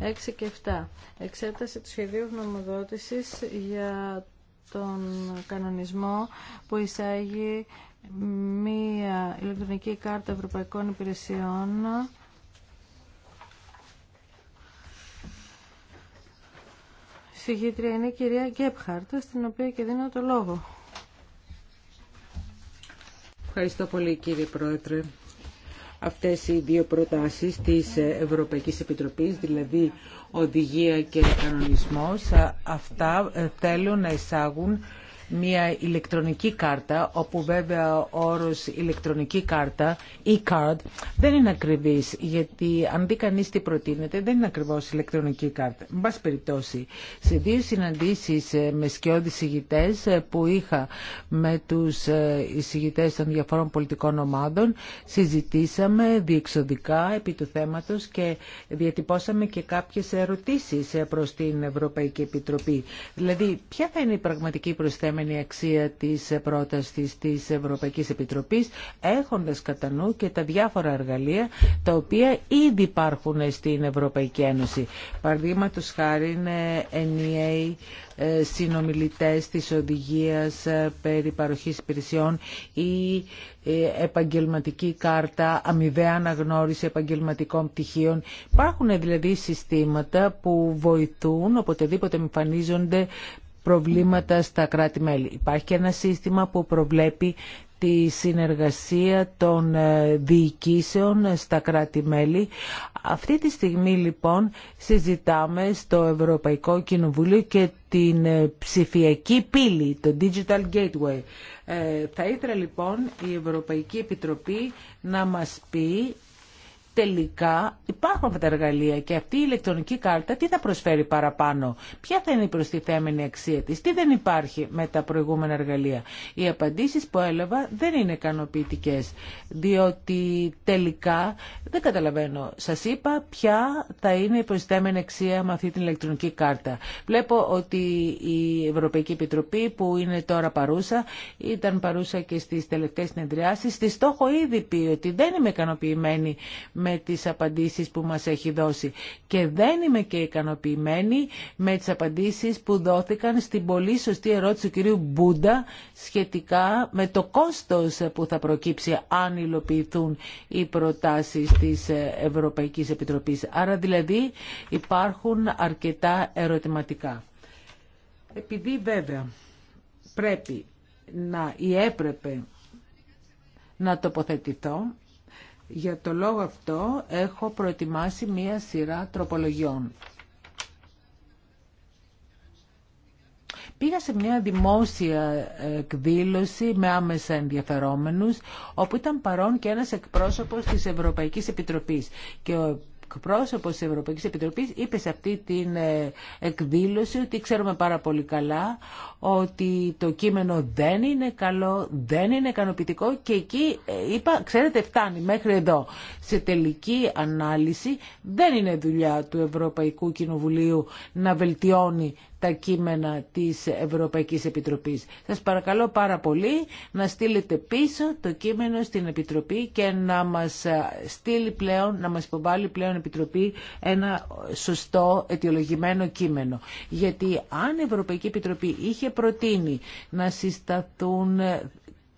6 και 7. Εξέταση του σχεδίου γνωμοδότησης για τον κανονισμό που εισάγει μία ηλεκτρονική κάρτα ευρωπαϊκών υπηρεσιών συγγήτρια είναι η κυρία Γκέπχαρτ, στην οποία και δίνω το λόγο. Ευχαριστώ πολύ κύριε Πρόεδρε. Αυτές οι δύο προτάσεις της Ευρωπαϊκής Επιτροπής, δηλαδή οδηγία και κανονισμός, αυτά ε, θέλουν να εισάγουν μια ηλεκτρονική κάρτα, όπου βέβαια ο όρος ηλεκτρονική κάρτα, e-card, δεν είναι ακριβής, γιατί αν δει κανείς τι προτείνεται, δεν είναι ακριβώς ηλεκτρονική κάρτα. Μπα περιπτώσει, σε δύο συναντήσεις ε, με σκιώδεις ηγητές ε, που είχα με τους ε, εισηγητές των διαφόρων πολιτικών ομάδων, συζητήσαμε διεξοδικά επί του θέματος και διατυπώσαμε και κάποιες ερωτήσεις προς την Ευρωπαϊκή Επιτροπή. Δηλαδή, ποια θα είναι η πραγματική προσθέμενη η αξία της πρότασης της Ευρωπαϊκής Επιτροπής έχοντας κατά νου και τα διάφορα εργαλεία τα οποία ήδη υπάρχουν στην Ευρωπαϊκή Ένωση. Παραδείγματο χάρη είναι ενιαίοι ε, συνομιλητές της οδηγίας ε, περί παροχής υπηρεσιών ή ε, επαγγελματική κάρτα, αμοιβαία αναγνώριση επαγγελματικών πτυχίων. Υπάρχουν δηλαδή συστήματα που βοηθούν οποτεδήποτε εμφανίζονται προβλήματα στα κράτη-μέλη. Υπάρχει ένα σύστημα που προβλέπει τη συνεργασία των ε, διοικήσεων ε, στα κράτη-μέλη. Αυτή τη στιγμή λοιπόν συζητάμε στο Ευρωπαϊκό Κοινοβούλιο και την ε, ψηφιακή πύλη, το Digital Gateway. θα ήθελα λοιπόν η Ευρωπαϊκή Επιτροπή να μας πει τελικά υπάρχουν αυτά τα εργαλεία και αυτή η ηλεκτρονική κάρτα τι θα προσφέρει παραπάνω, ποια θα είναι η προστιθέμενη αξία της, τι δεν υπάρχει με τα προηγούμενα εργαλεία. Οι απαντήσεις που έλαβα δεν είναι ικανοποιητικέ, διότι τελικά δεν καταλαβαίνω. Σας είπα ποια θα είναι η προστιθέμενη αξία με αυτή την ηλεκτρονική κάρτα. Βλέπω ότι η Ευρωπαϊκή Επιτροπή που είναι τώρα παρούσα, ήταν παρούσα και στις τελευταίες συνεδριάσεις, τη στόχο ήδη πει ότι δεν είμαι ικανοποιημένη με τις απαντήσεις που μας έχει δώσει και δεν είμαι και ικανοποιημένη με τις απαντήσεις που δόθηκαν στην πολύ σωστή ερώτηση του κυρίου Μπούντα σχετικά με το κόστος που θα προκύψει αν υλοποιηθούν οι προτάσεις της Ευρωπαϊκής Επιτροπής. Άρα δηλαδή υπάρχουν αρκετά ερωτηματικά. Επειδή βέβαια πρέπει να ή έπρεπε να τοποθετηθώ για το λόγο αυτό έχω προετοιμάσει μία σειρά τροπολογιών. Πήγα σε μια δημόσια εκδήλωση με άμεσα ενδιαφερόμενους, όπου ήταν παρόν και ένας εκπρόσωπος της Ευρωπαϊκής Επιτροπής. Και ο Εκπρόσωπο τη Ευρωπαϊκή Επιτροπή είπε σε αυτή την ε, εκδήλωση ότι ξέρουμε πάρα πολύ καλά ότι το κείμενο δεν είναι καλό, δεν είναι ικανοποιητικό και εκεί ε, είπα, ξέρετε φτάνει μέχρι εδώ. Σε τελική ανάλυση δεν είναι δουλειά του Ευρωπαϊκού Κοινοβουλίου να βελτιώνει τα κείμενα της Ευρωπαϊκής Επιτροπής. Σας παρακαλώ πάρα πολύ να στείλετε πίσω το κείμενο στην Επιτροπή και να μας στείλει πλέον, να μας υποβάλει πλέον η Επιτροπή ένα σωστό αιτιολογημένο κείμενο. Γιατί αν η Ευρωπαϊκή Επιτροπή είχε προτείνει να συσταθούν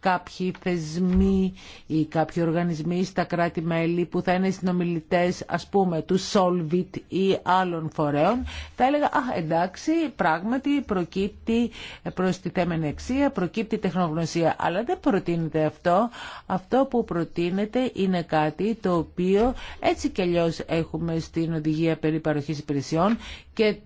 κάποιοι θεσμοί ή κάποιοι οργανισμοί στα κράτη-μέλη που θα είναι συνομιλητές ας πούμε του Solvit ή άλλων φορέων θα έλεγα α, εντάξει πράγματι προκύπτει προστιθέμενη αξία, προκύπτει τεχνογνωσία αλλά δεν προτείνεται αυτό αυτό που προτείνεται είναι κάτι το οποίο έτσι και αλλιώ έχουμε στην οδηγία περί υπηρεσιών και,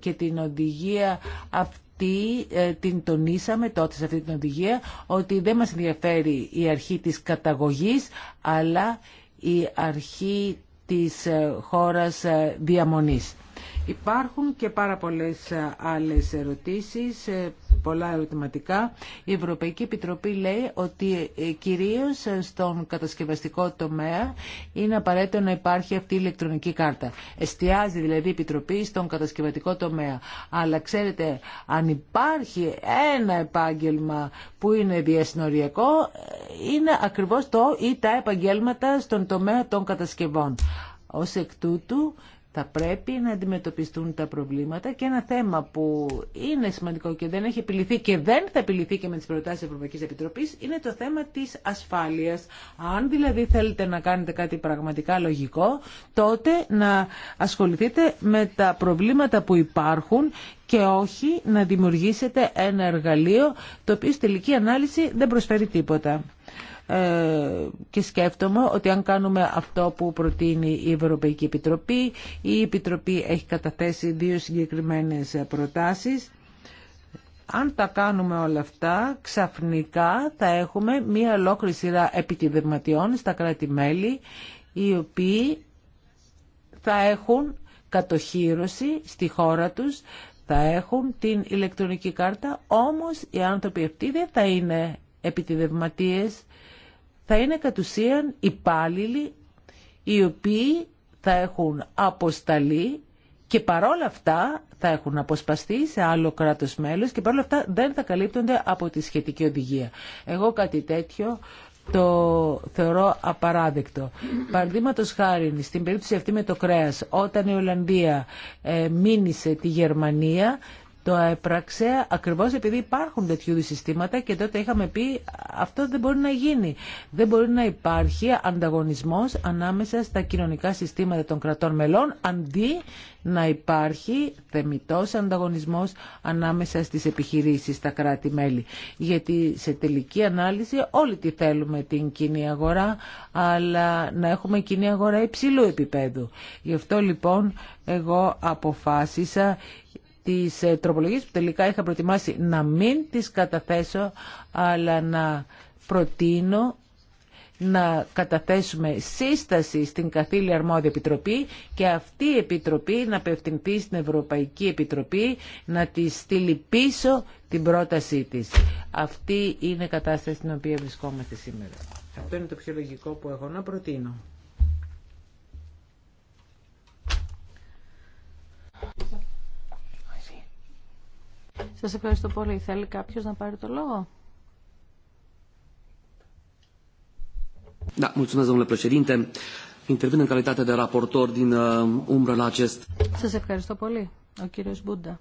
και την οδηγία αυτή τι ε, την τονίσαμε τότε σε αυτή την οδηγία ότι δεν μας ενδιαφέρει η αρχή της καταγωγής αλλά η αρχή της ε, χώρας ε, διαμονής. Υπάρχουν και πάρα πολλές άλλες ερωτήσεις πολλά ερωτηματικά. Η Ευρωπαϊκή Επιτροπή λέει ότι ε, κυρίως στον κατασκευαστικό τομέα είναι απαραίτητο να υπάρχει αυτή η ηλεκτρονική κάρτα. Εστιάζει δηλαδή η Επιτροπή στον κατασκευαστικό τομέα. Αλλά ξέρετε, αν υπάρχει ένα επάγγελμα που είναι διασυνοριακό, ε, είναι ακριβώς το ή τα επαγγέλματα στον τομέα των κατασκευών. Ως εκ τούτου θα πρέπει να αντιμετωπιστούν τα προβλήματα και ένα θέμα που είναι σημαντικό και δεν έχει επιληθεί και δεν θα επιληθεί και με τις προτάσεις της Ευρωπαϊκής Επιτροπής είναι το θέμα της ασφάλειας. Αν δηλαδή θέλετε να κάνετε κάτι πραγματικά λογικό, τότε να ασχοληθείτε με τα προβλήματα που υπάρχουν και όχι να δημιουργήσετε ένα εργαλείο το οποίο στη τελική ανάλυση δεν προσφέρει τίποτα. Ε, και σκέφτομαι ότι αν κάνουμε αυτό που προτείνει η Ευρωπαϊκή Επιτροπή, η Επιτροπή έχει καταθέσει δύο συγκεκριμένες προτάσεις. Αν τα κάνουμε όλα αυτά, ξαφνικά θα έχουμε μία ολόκληρη σειρά επικεδευματιών στα κράτη-μέλη, οι οποίοι θα έχουν κατοχήρωση στη χώρα τους, θα έχουν την ηλεκτρονική κάρτα, όμως οι άνθρωποι αυτοί δεν θα είναι επιτιδευματίες, θα είναι κατ' ουσίαν υπάλληλοι οι οποίοι θα έχουν αποσταλεί και παρόλα αυτά θα έχουν αποσπαστεί σε άλλο κράτος μέλος και παρόλα αυτά δεν θα καλύπτονται από τη σχετική οδηγία. Εγώ κάτι τέτοιο το θεωρώ απαράδεκτο. Παραδείγματο χάρη, στην περίπτωση αυτή με το κρέας, όταν η Ολλανδία ε, μήνυσε τη Γερμανία, το έπραξε ακριβώς επειδή υπάρχουν τέτοιου συστήματα και τότε είχαμε πει αυτό δεν μπορεί να γίνει. Δεν μπορεί να υπάρχει ανταγωνισμός ανάμεσα στα κοινωνικά συστήματα των κρατών μελών αντί να υπάρχει θεμητός ανταγωνισμός ανάμεσα στις επιχειρήσεις, στα κράτη-μέλη. Γιατί σε τελική ανάλυση όλοι τη θέλουμε την κοινή αγορά, αλλά να έχουμε κοινή αγορά υψηλού επίπεδου. Γι' αυτό λοιπόν εγώ αποφάσισα τις ε, τροπολογίες που τελικά είχα προτιμάσει να μην τις καταθέσω, αλλά να προτείνω να καταθέσουμε σύσταση στην καθήλια αρμόδια επιτροπή και αυτή η επιτροπή να απευθυνθεί στην Ευρωπαϊκή Επιτροπή να τη στείλει πίσω την πρότασή της. Αυτή είναι η κατάσταση στην οποία βρισκόμαστε σήμερα. Αυτό είναι το πιο λογικό που έχω να προτείνω. Σας ευχαριστώ πολύ. Θέλει κάποιος να πάρει το λόγο. Da, domnule președinte. Intervin în calitate de raportor din uh, umbră Σας ευχαριστώ πολύ. Ο κύριος Μπούντα.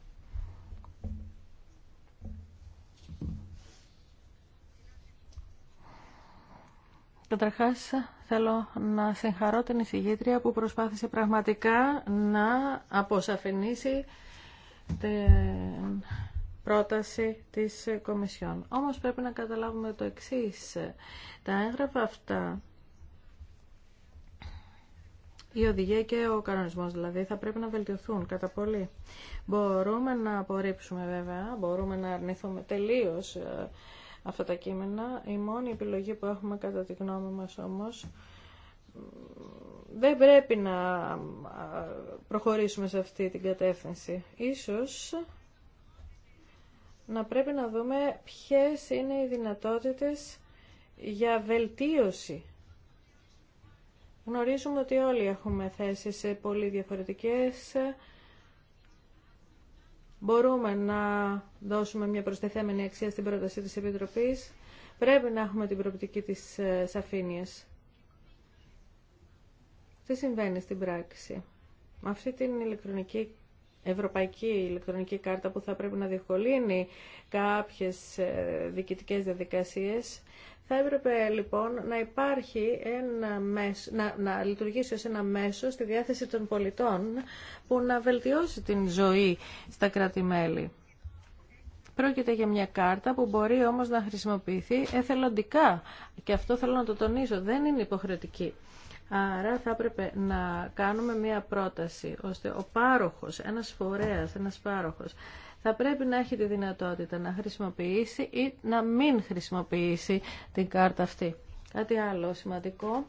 Καταρχάς θέλω να συγχαρώ την εισηγήτρια που προσπάθησε πραγματικά να αποσαφηνίσει την πρόταση της Κομισιόν. Όμως πρέπει να καταλάβουμε το εξής. Τα έγγραφα αυτά, η οδηγία και ο κανονισμός δηλαδή, θα πρέπει να βελτιωθούν κατά πολύ. Μπορούμε να απορρίψουμε βέβαια, μπορούμε να αρνηθούμε τελείως ε, αυτά τα κείμενα. Η μόνη επιλογή που έχουμε κατά τη γνώμη μας όμως δεν πρέπει να προχωρήσουμε σε αυτή την κατεύθυνση. Ίσως να πρέπει να δούμε ποιες είναι οι δυνατότητες για βελτίωση. Γνωρίζουμε ότι όλοι έχουμε θέσεις πολύ διαφορετικές. Μπορούμε να δώσουμε μια προστεθέμενη αξία στην πρόταση της Επιτροπής. Πρέπει να έχουμε την προοπτική της ε, σαφήνειας. Τι συμβαίνει στην πράξη. Με αυτή την ηλεκτρονική ευρωπαϊκή ηλεκτρονική κάρτα που θα πρέπει να διευκολύνει κάποιες ε, διοικητικές διαδικασίες, θα έπρεπε λοιπόν να υπάρχει ένα να, να λειτουργήσει ως ένα μέσο στη διάθεση των πολιτών που να βελτιώσει την ζωή στα κράτη-μέλη. Πρόκειται για μια κάρτα που μπορεί όμως να χρησιμοποιηθεί εθελοντικά και αυτό θέλω να το τονίσω, δεν είναι υποχρεωτική. Άρα θα έπρεπε να κάνουμε μία πρόταση, ώστε ο πάροχος, ένας φορέας, ένας πάροχος, θα πρέπει να έχει τη δυνατότητα να χρησιμοποιήσει ή να μην χρησιμοποιήσει την κάρτα αυτή. Κάτι άλλο σημαντικό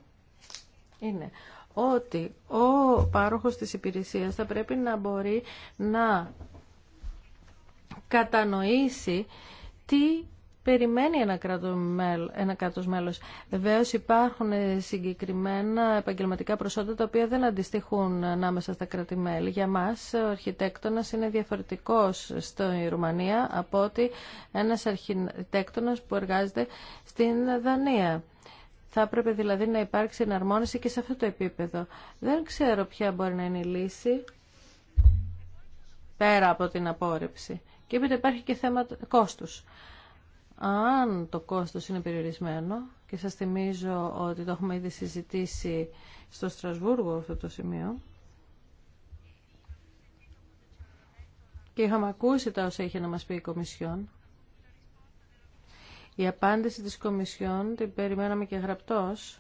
είναι ότι ο πάροχος της υπηρεσίας θα πρέπει να μπορεί να κατανοήσει τι περιμένει ένα, κράτο, ένα κράτος μέλος. Βεβαίως υπάρχουν συγκεκριμένα επαγγελματικά προσόντα τα οποία δεν αντιστοιχούν ανάμεσα στα κράτη-μέλη. Για μας ο αρχιτέκτονας είναι διαφορετικός στο Ρουμανία από ότι ένας αρχιτέκτονας που εργάζεται στην Δανία. Θα έπρεπε δηλαδή να υπάρξει εναρμόνιση και σε αυτό το επίπεδο. Δεν ξέρω ποια μπορεί να είναι η λύση πέρα από την απόρριψη. Και έπειτα υπάρχει και θέμα κόστους αν το κόστος είναι περιορισμένο και σας θυμίζω ότι το έχουμε ήδη συζητήσει στο Στρασβούργο αυτό το σημείο και είχαμε ακούσει τα όσα είχε να μας πει η Κομισιόν η απάντηση της Κομισιόν την περιμέναμε και γραπτός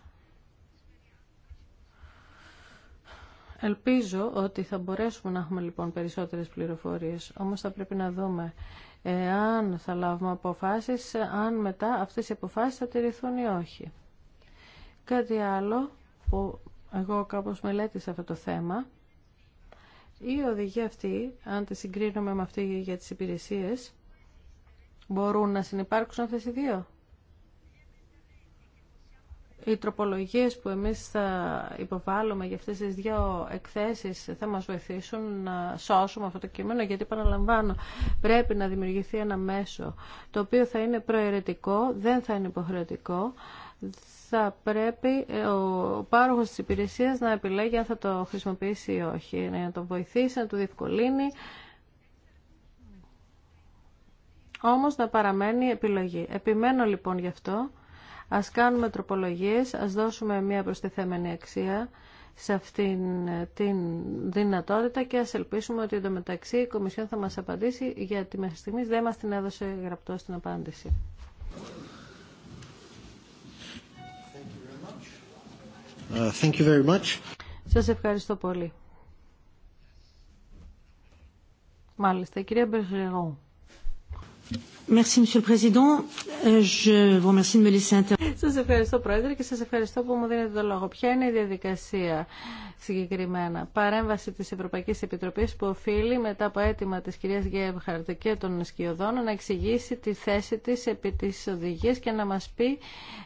Ελπίζω ότι θα μπορέσουμε να έχουμε λοιπόν περισσότερες πληροφορίες, όμως θα πρέπει να δούμε εάν θα λάβουμε αποφάσεις, αν μετά αυτές οι αποφάσεις θα τηρηθούν ή όχι. Κάτι άλλο που εγώ κάπως μελέτησα αυτό το θέμα, η οδηγία αυτή, αν τη συγκρίνουμε με αυτή για τις υπηρεσίες, μπορούν να συνεπάρξουν αυτές οι δύο οι τροπολογίε που εμείς θα υποβάλλουμε για αυτέ τι δύο εκθέσεις θα μας βοηθήσουν να σώσουμε αυτό το κείμενο γιατί επαναλαμβάνω πρέπει να δημιουργηθεί ένα μέσο το οποίο θα είναι προαιρετικό, δεν θα είναι υποχρεωτικό θα πρέπει ε, ο πάροχος της υπηρεσίας να επιλέγει αν θα το χρησιμοποιήσει ή όχι, να το βοηθήσει, να του διευκολύνει όμως να παραμένει επιλογή. Επιμένω λοιπόν γι' αυτό Ας κάνουμε τροπολογίες, ας δώσουμε μια προστιθέμενη αξία σε αυτήν την δυνατότητα και ας ελπίσουμε ότι εντωμεταξύ η Κομισιόν θα μας απαντήσει γιατί μέχρι στιγμή δεν μας την έδωσε γραπτό στην απάντηση. Uh, thank you very much. Σας ευχαριστώ πολύ. Μάλιστα, η κυρία Merci, Monsieur le Président. Euh, je vous remercie de me laisser intervenir. Σας ευχαριστώ, Πρόεδρε, και σας ευχαριστώ που μου δίνετε το λόγο. Ποια είναι η διαδικασία συγκεκριμένα. Παρέμβαση της Ευρωπαϊκής Επιτροπής που οφείλει μετά από αίτημα της κυρίας Γεύχαρτ και των σκιωδών να εξηγήσει τη θέση της επί της οδηγίας και να μας πει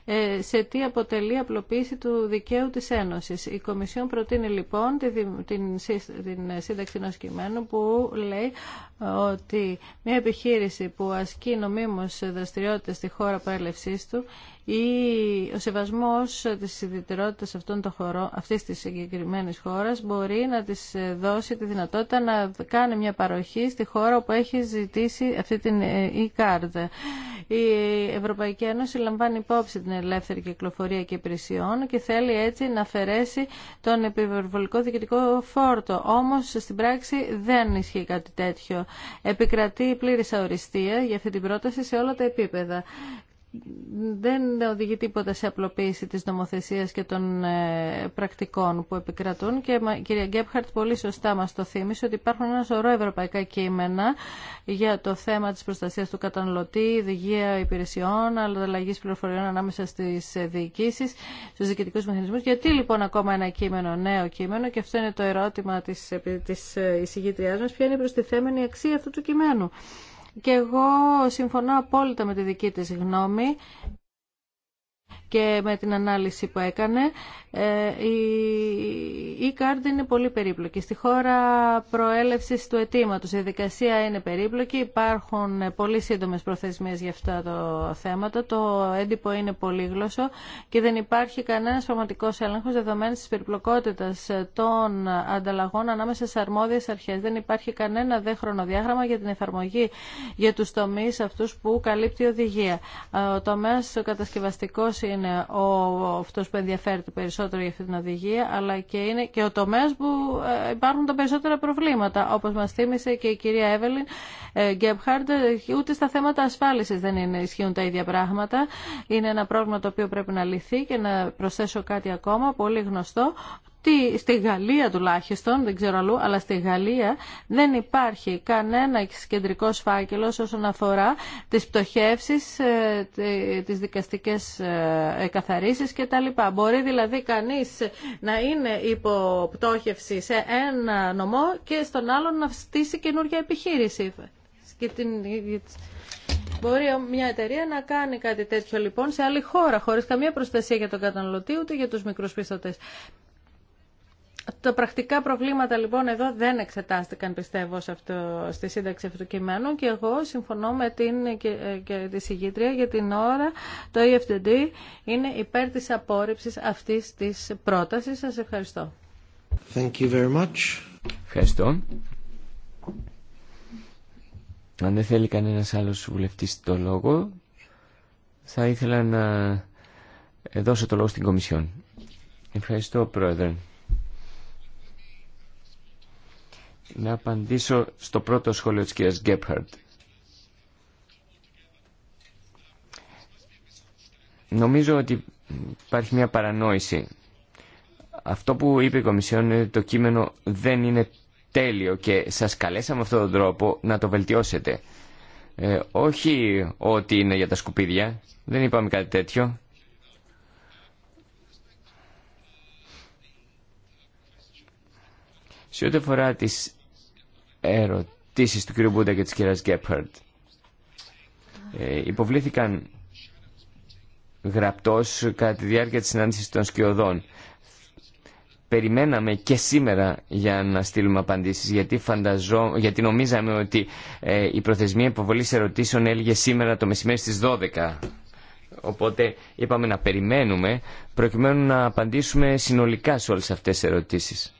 ε, σε τι αποτελεί απλοποίηση του δικαίου της Ένωσης. Η Κομισιόν προτείνει λοιπόν την, σύνταξη ενός κειμένου που λέει ότι μια επιχείρηση που ασκεί ασκεί νομίμως δραστηριότητες στη χώρα παρέλευσής του ή ο σεβασμός της ιδιαιτερότητας αυτών των χωρών, αυτής της συγκεκριμένη χώρας μπορεί να της δώσει τη δυνατότητα να κάνει μια παροχή στη χώρα όπου έχει ζητήσει αυτή την e-card. Ε, η Ευρωπαϊκή Ένωση λαμβάνει υπόψη την ελεύθερη κυκλοφορία και υπηρεσιών και θέλει έτσι να αφαιρέσει τον επιβολικό διοικητικό φόρτο. Όμως στην πράξη δεν ισχύει κάτι τέτοιο. Επικρατεί πλήρης αοριστία για αυτή την πρόταση σε όλα τα επίπεδα δεν οδηγεί τίποτα σε απλοποίηση της νομοθεσίας και των ε, πρακτικών που επικρατούν και η κυρία Γκέπχαρτ πολύ σωστά μας το θύμισε ότι υπάρχουν ένα σωρό ευρωπαϊκά κείμενα για το θέμα της προστασίας του καταναλωτή, διγεία υπηρεσιών, αλλαγή πληροφοριών ανάμεσα στις ε, διοικήσεις, στους διοικητικούς μηχανισμούς. Γιατί λοιπόν ακόμα ένα κείμενο, νέο κείμενο και αυτό είναι το ερώτημα της, της ε, εισηγήτριάς μας, ποια είναι η προστιθέμενη αξία αυτού του κειμένου και εγώ συμφωνώ απόλυτα με τη δική της γνώμη και με την ανάλυση που έκανε. Ε, η e είναι πολύ περίπλοκη. Στη χώρα προέλευσης του αιτήματο. η διαδικασία είναι περίπλοκη. Υπάρχουν πολύ σύντομες προθεσμίες για αυτά τα θέματα. Το έντυπο είναι πολύγλωσσο και δεν υπάρχει κανένας πραγματικό έλεγχος δεδομένη της περιπλοκότητας των ανταλλαγών ανάμεσα σε αρμόδιες αρχές. Δεν υπάρχει κανένα δε χρονοδιάγραμμα για την εφαρμογή για τους τομείς αυτού που καλύπτει η οδηγία. Ο τομέας ο είναι ο, αυτός που ενδιαφέρεται περισσότερο για αυτή την οδηγία, αλλά και είναι και ο τομέας που ε, υπάρχουν τα περισσότερα προβλήματα. Όπως μας θύμισε και η κυρία Εύελιν Γκέμπχαρντ, ε, ούτε στα θέματα ασφάλισης δεν είναι, ισχύουν τα ίδια πράγματα. Είναι ένα πρόβλημα το οποίο πρέπει να λυθεί και να προσθέσω κάτι ακόμα, πολύ γνωστό, στη, στη Γαλλία τουλάχιστον, δεν ξέρω αλλού, αλλά στη Γαλλία δεν υπάρχει κανένα κεντρικό φάκελος όσον αφορά τις πτωχεύσεις, ε, τις δικαστικές ε, εκαθαρίσεις κτλ. Μπορεί δηλαδή κανείς να είναι υπό πτώχευση σε ένα νομό και στον άλλον να στήσει καινούργια επιχείρηση. Και την... Μπορεί μια εταιρεία να κάνει κάτι τέτοιο λοιπόν σε άλλη χώρα, χωρίς καμία προστασία για τον καταναλωτή ούτε για τους μικρούς πιστωτές. Τα πρακτικά προβλήματα λοιπόν εδώ δεν εξετάστηκαν πιστεύω σε αυτό, στη σύνταξη αυτού του κειμένου και εγώ συμφωνώ με την και, ε, τη συγγήτρια για την ώρα το EFTD είναι υπέρ της απόρριψης αυτής της πρότασης. Σας ευχαριστώ. Thank you Ευχαριστώ. Αν δεν θέλει κανένας άλλος βουλευτής το λόγο θα ήθελα να ε, δώσω το λόγο στην Κομισιόν. Ευχαριστώ Πρόεδρε. να απαντήσω στο πρώτο σχόλιο της κυρίας Γκέπχαρτ. Νομίζω ότι υπάρχει μια παρανόηση. Αυτό που είπε η Κομισιόν είναι ότι το κείμενο δεν είναι τέλειο και σας καλέσαμε αυτόν τον τρόπο να το βελτιώσετε. Ε, όχι ότι είναι για τα σκουπίδια, δεν είπαμε κάτι τέτοιο. Σε ό,τι αφορά τις ερωτήσεις του κ. Μπούντα και της κ. Γκέπχαρτ. Ε, υποβλήθηκαν γραπτός κατά τη διάρκεια της συνάντησης των σκιωδών. Περιμέναμε και σήμερα για να στείλουμε απαντήσεις, γιατί, φανταζό, γιατί νομίζαμε ότι ε, η προθεσμία υποβολής ερωτήσεων έλγε σήμερα το μεσημέρι στις 12. Οπότε είπαμε να περιμένουμε προκειμένου να απαντήσουμε συνολικά σε όλες αυτές τις ερωτήσεις.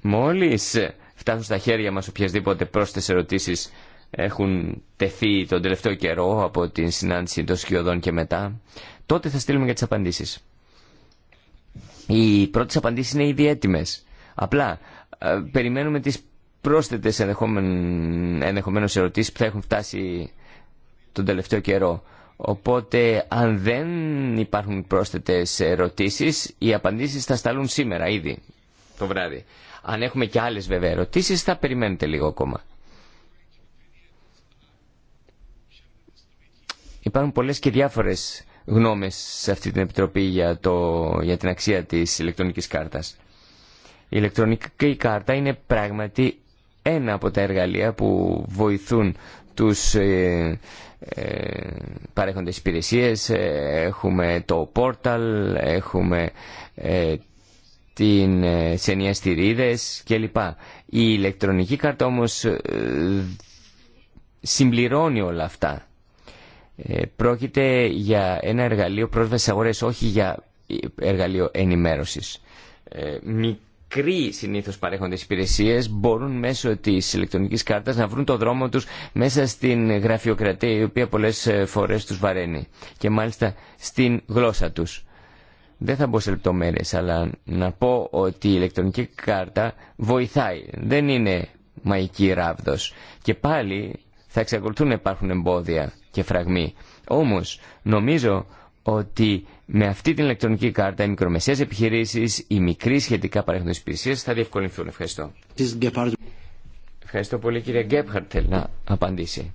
Μόλις Φτάνουν στα χέρια μας οποιασδήποτε πρόσθετες ερωτήσεις έχουν τεθεί τον τελευταίο καιρό από την συνάντηση των σκιωδών και μετά, τότε θα στείλουμε για τις απαντήσεις. Οι πρώτες απαντήσεις είναι ήδη έτοιμες. Απλά ε, περιμένουμε τις πρόσθετες ενδεχομένω ερωτήσεις που θα έχουν φτάσει τον τελευταίο καιρό. Οπότε αν δεν υπάρχουν πρόσθετες ερωτήσεις, οι απαντήσεις θα σταλούν σήμερα ήδη το βράδυ. Αν έχουμε και άλλες βέβαια ερωτήσεις θα περιμένετε λίγο ακόμα. Υπάρχουν πολλές και διάφορες γνώμες σε αυτή την Επιτροπή για, το, για την αξία της ηλεκτρονικής κάρτας. Η ηλεκτρονική κάρτα είναι πράγματι ένα από τα εργαλεία που βοηθούν τους ε, ε, παρέχοντες υπηρεσίες. Ε, έχουμε το πόρταλ, έχουμε ε, την, ε, σε και κλπ. Η ηλεκτρονική κάρτα όμως ε, συμπληρώνει όλα αυτά. Ε, πρόκειται για ένα εργαλείο πρόσβασης αγορές, όχι για εργαλείο ενημέρωσης. μικροί συνήθως παρέχοντες υπηρεσίες μπορούν μέσω της ηλεκτρονικής κάρτας να βρουν το δρόμο τους μέσα στην γραφειοκρατία η οποία πολλές φορές τους βαραίνει και μάλιστα στην γλώσσα τους. Δεν θα μπω σε λεπτομέρειες, αλλά να πω ότι η ηλεκτρονική κάρτα βοηθάει. Δεν είναι μαϊκή ράβδος. Και πάλι θα εξακολουθούν να υπάρχουν εμπόδια και φραγμοί. Όμως, νομίζω ότι με αυτή την ηλεκτρονική κάρτα οι μικρομεσαίες επιχειρήσεις, οι μικροί σχετικά παρέχοντες υπηρεσίες θα διευκολυνθούν. Ευχαριστώ. Ευχαριστώ πολύ κύριε Γκέπχαρτ θέλει να απαντήσει.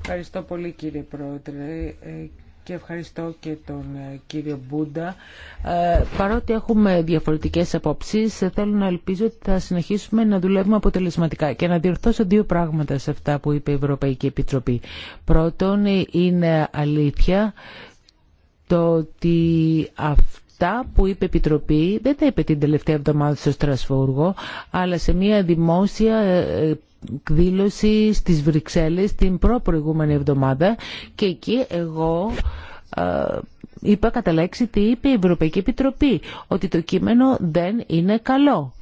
Ευχαριστώ πολύ κύριε Πρόεδρε. Ε, και ευχαριστώ και τον ε, κύριο Μπούντα. Ε, παρότι έχουμε διαφορετικές απόψεις, θέλω να ελπίζω ότι θα συνεχίσουμε να δουλεύουμε αποτελεσματικά και να διορθώσω δύο πράγματα σε αυτά που είπε η Ευρωπαϊκή Επιτροπή. Πρώτον, ε, είναι αλήθεια το ότι αυτό αυτά που είπε η Επιτροπή δεν τα είπε την τελευταία εβδομάδα στο Στρασβούργο, αλλά σε μια δημόσια ε, εκδήλωση στις Βρυξέλλες την προηγούμενη εβδομάδα και εκεί εγώ ε, είπα κατά λέξη τι είπε η Ευρωπαϊκή Επιτροπή, ότι το κείμενο δεν είναι καλό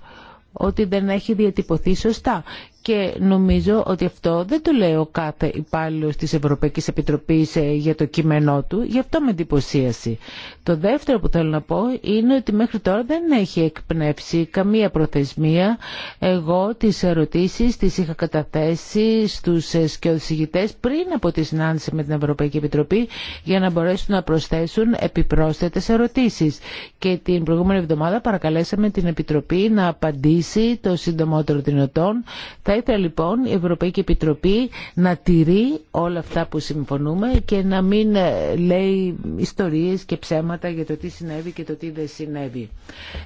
ότι δεν έχει διατυπωθεί σωστά. Και νομίζω ότι αυτό δεν το λέει ο κάθε υπάλληλο της Ευρωπαϊκής Επιτροπής ε, για το κείμενό του. Γι' αυτό με εντυπωσίαση. Το δεύτερο που θέλω να πω είναι ότι μέχρι τώρα δεν έχει εκπνεύσει καμία προθεσμία. Εγώ τις ερωτήσεις τις είχα καταθέσει στους ε, σκιοδησηγητές πριν από τη συνάντηση με την Ευρωπαϊκή Επιτροπή για να μπορέσουν να προσθέσουν επιπρόσθετες ερωτήσεις. Και την προηγούμενη εβδομάδα παρακαλέσαμε την Επιτροπή να απαντήσει το συντομότερο δυνατόν. Θα ήθελα λοιπόν η Ευρωπαϊκή Επιτροπή να τηρεί όλα αυτά που συμφωνούμε και να μην ε, λέει ιστορίες και ψέματα για το τι συνέβη και το τι δεν συνέβη.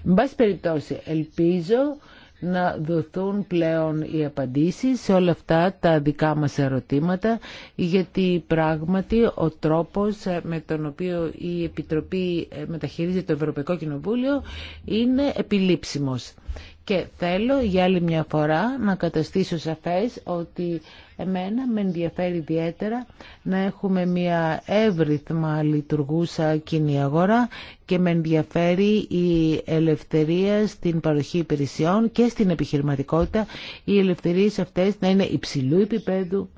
Με πάση περιπτώσει, ελπίζω να δοθούν πλέον οι απαντήσεις σε όλα αυτά τα δικά μας ερωτήματα γιατί πράγματι ο τρόπος ε, με τον οποίο η Επιτροπή ε, μεταχειρίζεται το Ευρωπαϊκό Κοινοβούλιο είναι επιλήψιμος. Και θέλω για άλλη μια φορά να καταστήσω σαφές ότι Εμένα με ενδιαφέρει ιδιαίτερα να έχουμε μια εύρυθμα λειτουργούσα κοινή αγορά και με ενδιαφέρει η ελευθερία στην παροχή υπηρεσιών και στην επιχειρηματικότητα. Οι ελευθερίες αυτές να είναι υψηλού επίπεδου,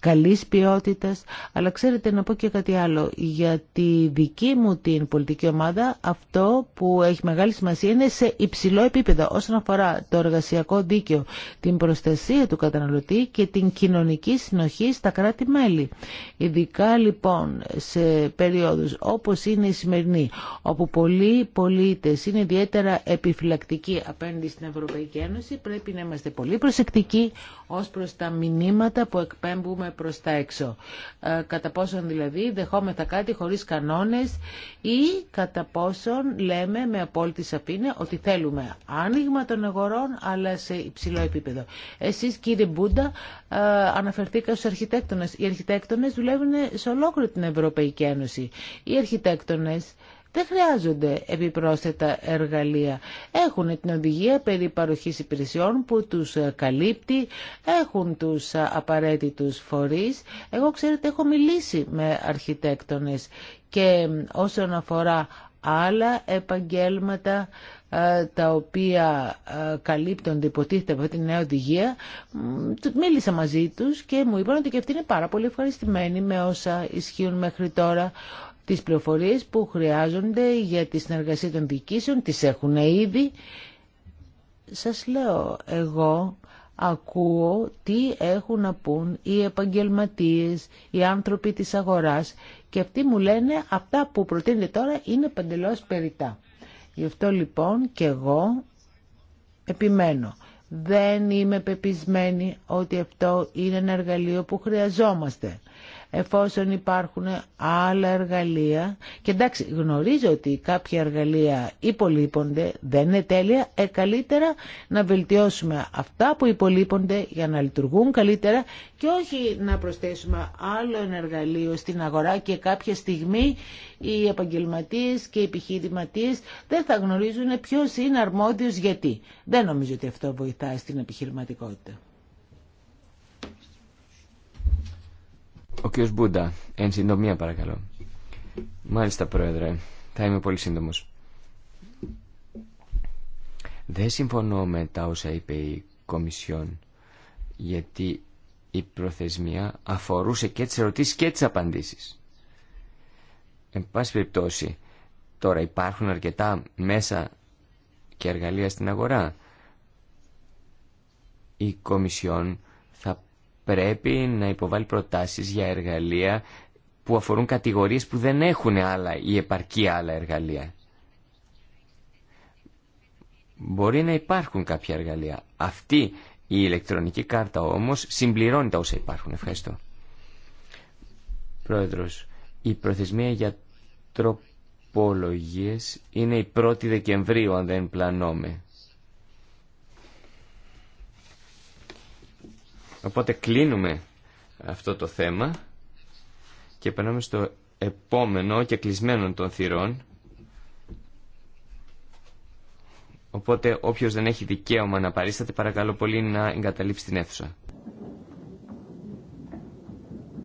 καλής ποιότητας, αλλά ξέρετε να πω και κάτι άλλο. Για τη δική μου την πολιτική ομάδα αυτό που έχει μεγάλη σημασία είναι σε υψηλό επίπεδο όσον αφορά το εργασιακό δίκαιο, την προστασία του καταναλωτή και την κοινωνική κοινωνικής συνοχής στα κράτη-μέλη. Ειδικά λοιπόν σε περίοδους όπως είναι η σημερινή, όπου πολλοί πολίτες είναι ιδιαίτερα επιφυλακτικοί απέναντι στην Ευρωπαϊκή Ένωση, πρέπει να είμαστε πολύ προσεκτικοί ως προς τα μηνύματα που εκπέμπουμε προς τα έξω. Ε, κατά πόσον δηλαδή δεχόμεθα κάτι χωρίς κανόνες ή κατά πόσον λέμε με απόλυτη σαφήνεια ότι θέλουμε άνοιγμα των αγορών αλλά σε υψηλό επίπεδο. Εσείς κύριε Μπούντα ε, αναφερθήκα στους αρχιτέκτονες. Οι αρχιτέκτονες δουλεύουν σε ολόκληρη την Ευρωπαϊκή Ένωση. Οι αρχιτέκτονες δεν χρειάζονται επιπρόσθετα εργαλεία. Έχουν την οδηγία περί παροχής υπηρεσιών που τους καλύπτει, έχουν τους απαραίτητους φορείς. Εγώ ξέρετε έχω μιλήσει με αρχιτέκτονες και ε, όσον αφορά άλλα επαγγέλματα ε, τα οποία ε, καλύπτονται υποτίθεται από την τη νέα οδηγία μίλησα μαζί τους και μου είπαν ότι και αυτοί είναι πάρα πολύ ευχαριστημένοι με όσα ισχύουν μέχρι τώρα τις πληροφορίες που χρειάζονται για τη συνεργασία των διοικήσεων τις έχουν ήδη σας λέω εγώ ακούω τι έχουν να πούν οι επαγγελματίες, οι άνθρωποι της αγοράς και αυτοί μου λένε αυτά που προτείνετε τώρα είναι παντελώς περιτά. Γι' αυτό λοιπόν και εγώ επιμένω δεν είμαι πεπισμένη ότι αυτό είναι ένα εργαλείο που χρειαζόμαστε. Εφόσον υπάρχουν άλλα εργαλεία, και εντάξει γνωρίζω ότι κάποια εργαλεία υπολείπονται, δεν είναι τέλεια, ε, καλύτερα να βελτιώσουμε αυτά που υπολείπονται για να λειτουργούν καλύτερα και όχι να προσθέσουμε άλλο ένα εργαλείο στην αγορά και κάποια στιγμή οι επαγγελματίες και οι επιχειρηματίες δεν θα γνωρίζουν ποιος είναι αρμόδιος γιατί. Δεν νομίζω ότι αυτό βοηθάει βοηθάει στην επιχειρηματικότητα. Ο κ. Μπούντα, εν συντομία παρακαλώ. Μάλιστα, Πρόεδρε, θα είμαι πολύ σύντομο. Δεν συμφωνώ με τα όσα είπε η Κομισιόν, γιατί η προθεσμία αφορούσε και τις ερωτήσεις και τις απαντήσεις. Εν πάση περιπτώσει, τώρα υπάρχουν αρκετά μέσα και εργαλεία στην αγορά η Κομισιόν θα πρέπει να υποβάλει προτάσεις για εργαλεία που αφορούν κατηγορίες που δεν έχουν άλλα ή επαρκή άλλα εργαλεία. Μπορεί να υπάρχουν κάποια εργαλεία. Αυτή η ηλεκτρονική κάρτα όμως συμπληρώνει τα όσα υπάρχουν. Ευχαριστώ. Πρόεδρος, η προθεσμία για τροπολογίες είναι η 1η Δεκεμβρίου αν δεν πλανώμε. Οπότε κλείνουμε αυτό το θέμα και περνάμε στο επόμενο και κλεισμένο των θυρών. Οπότε όποιος δεν έχει δικαίωμα να παρίσταται παρακαλώ πολύ να εγκαταλείψει την αίθουσα.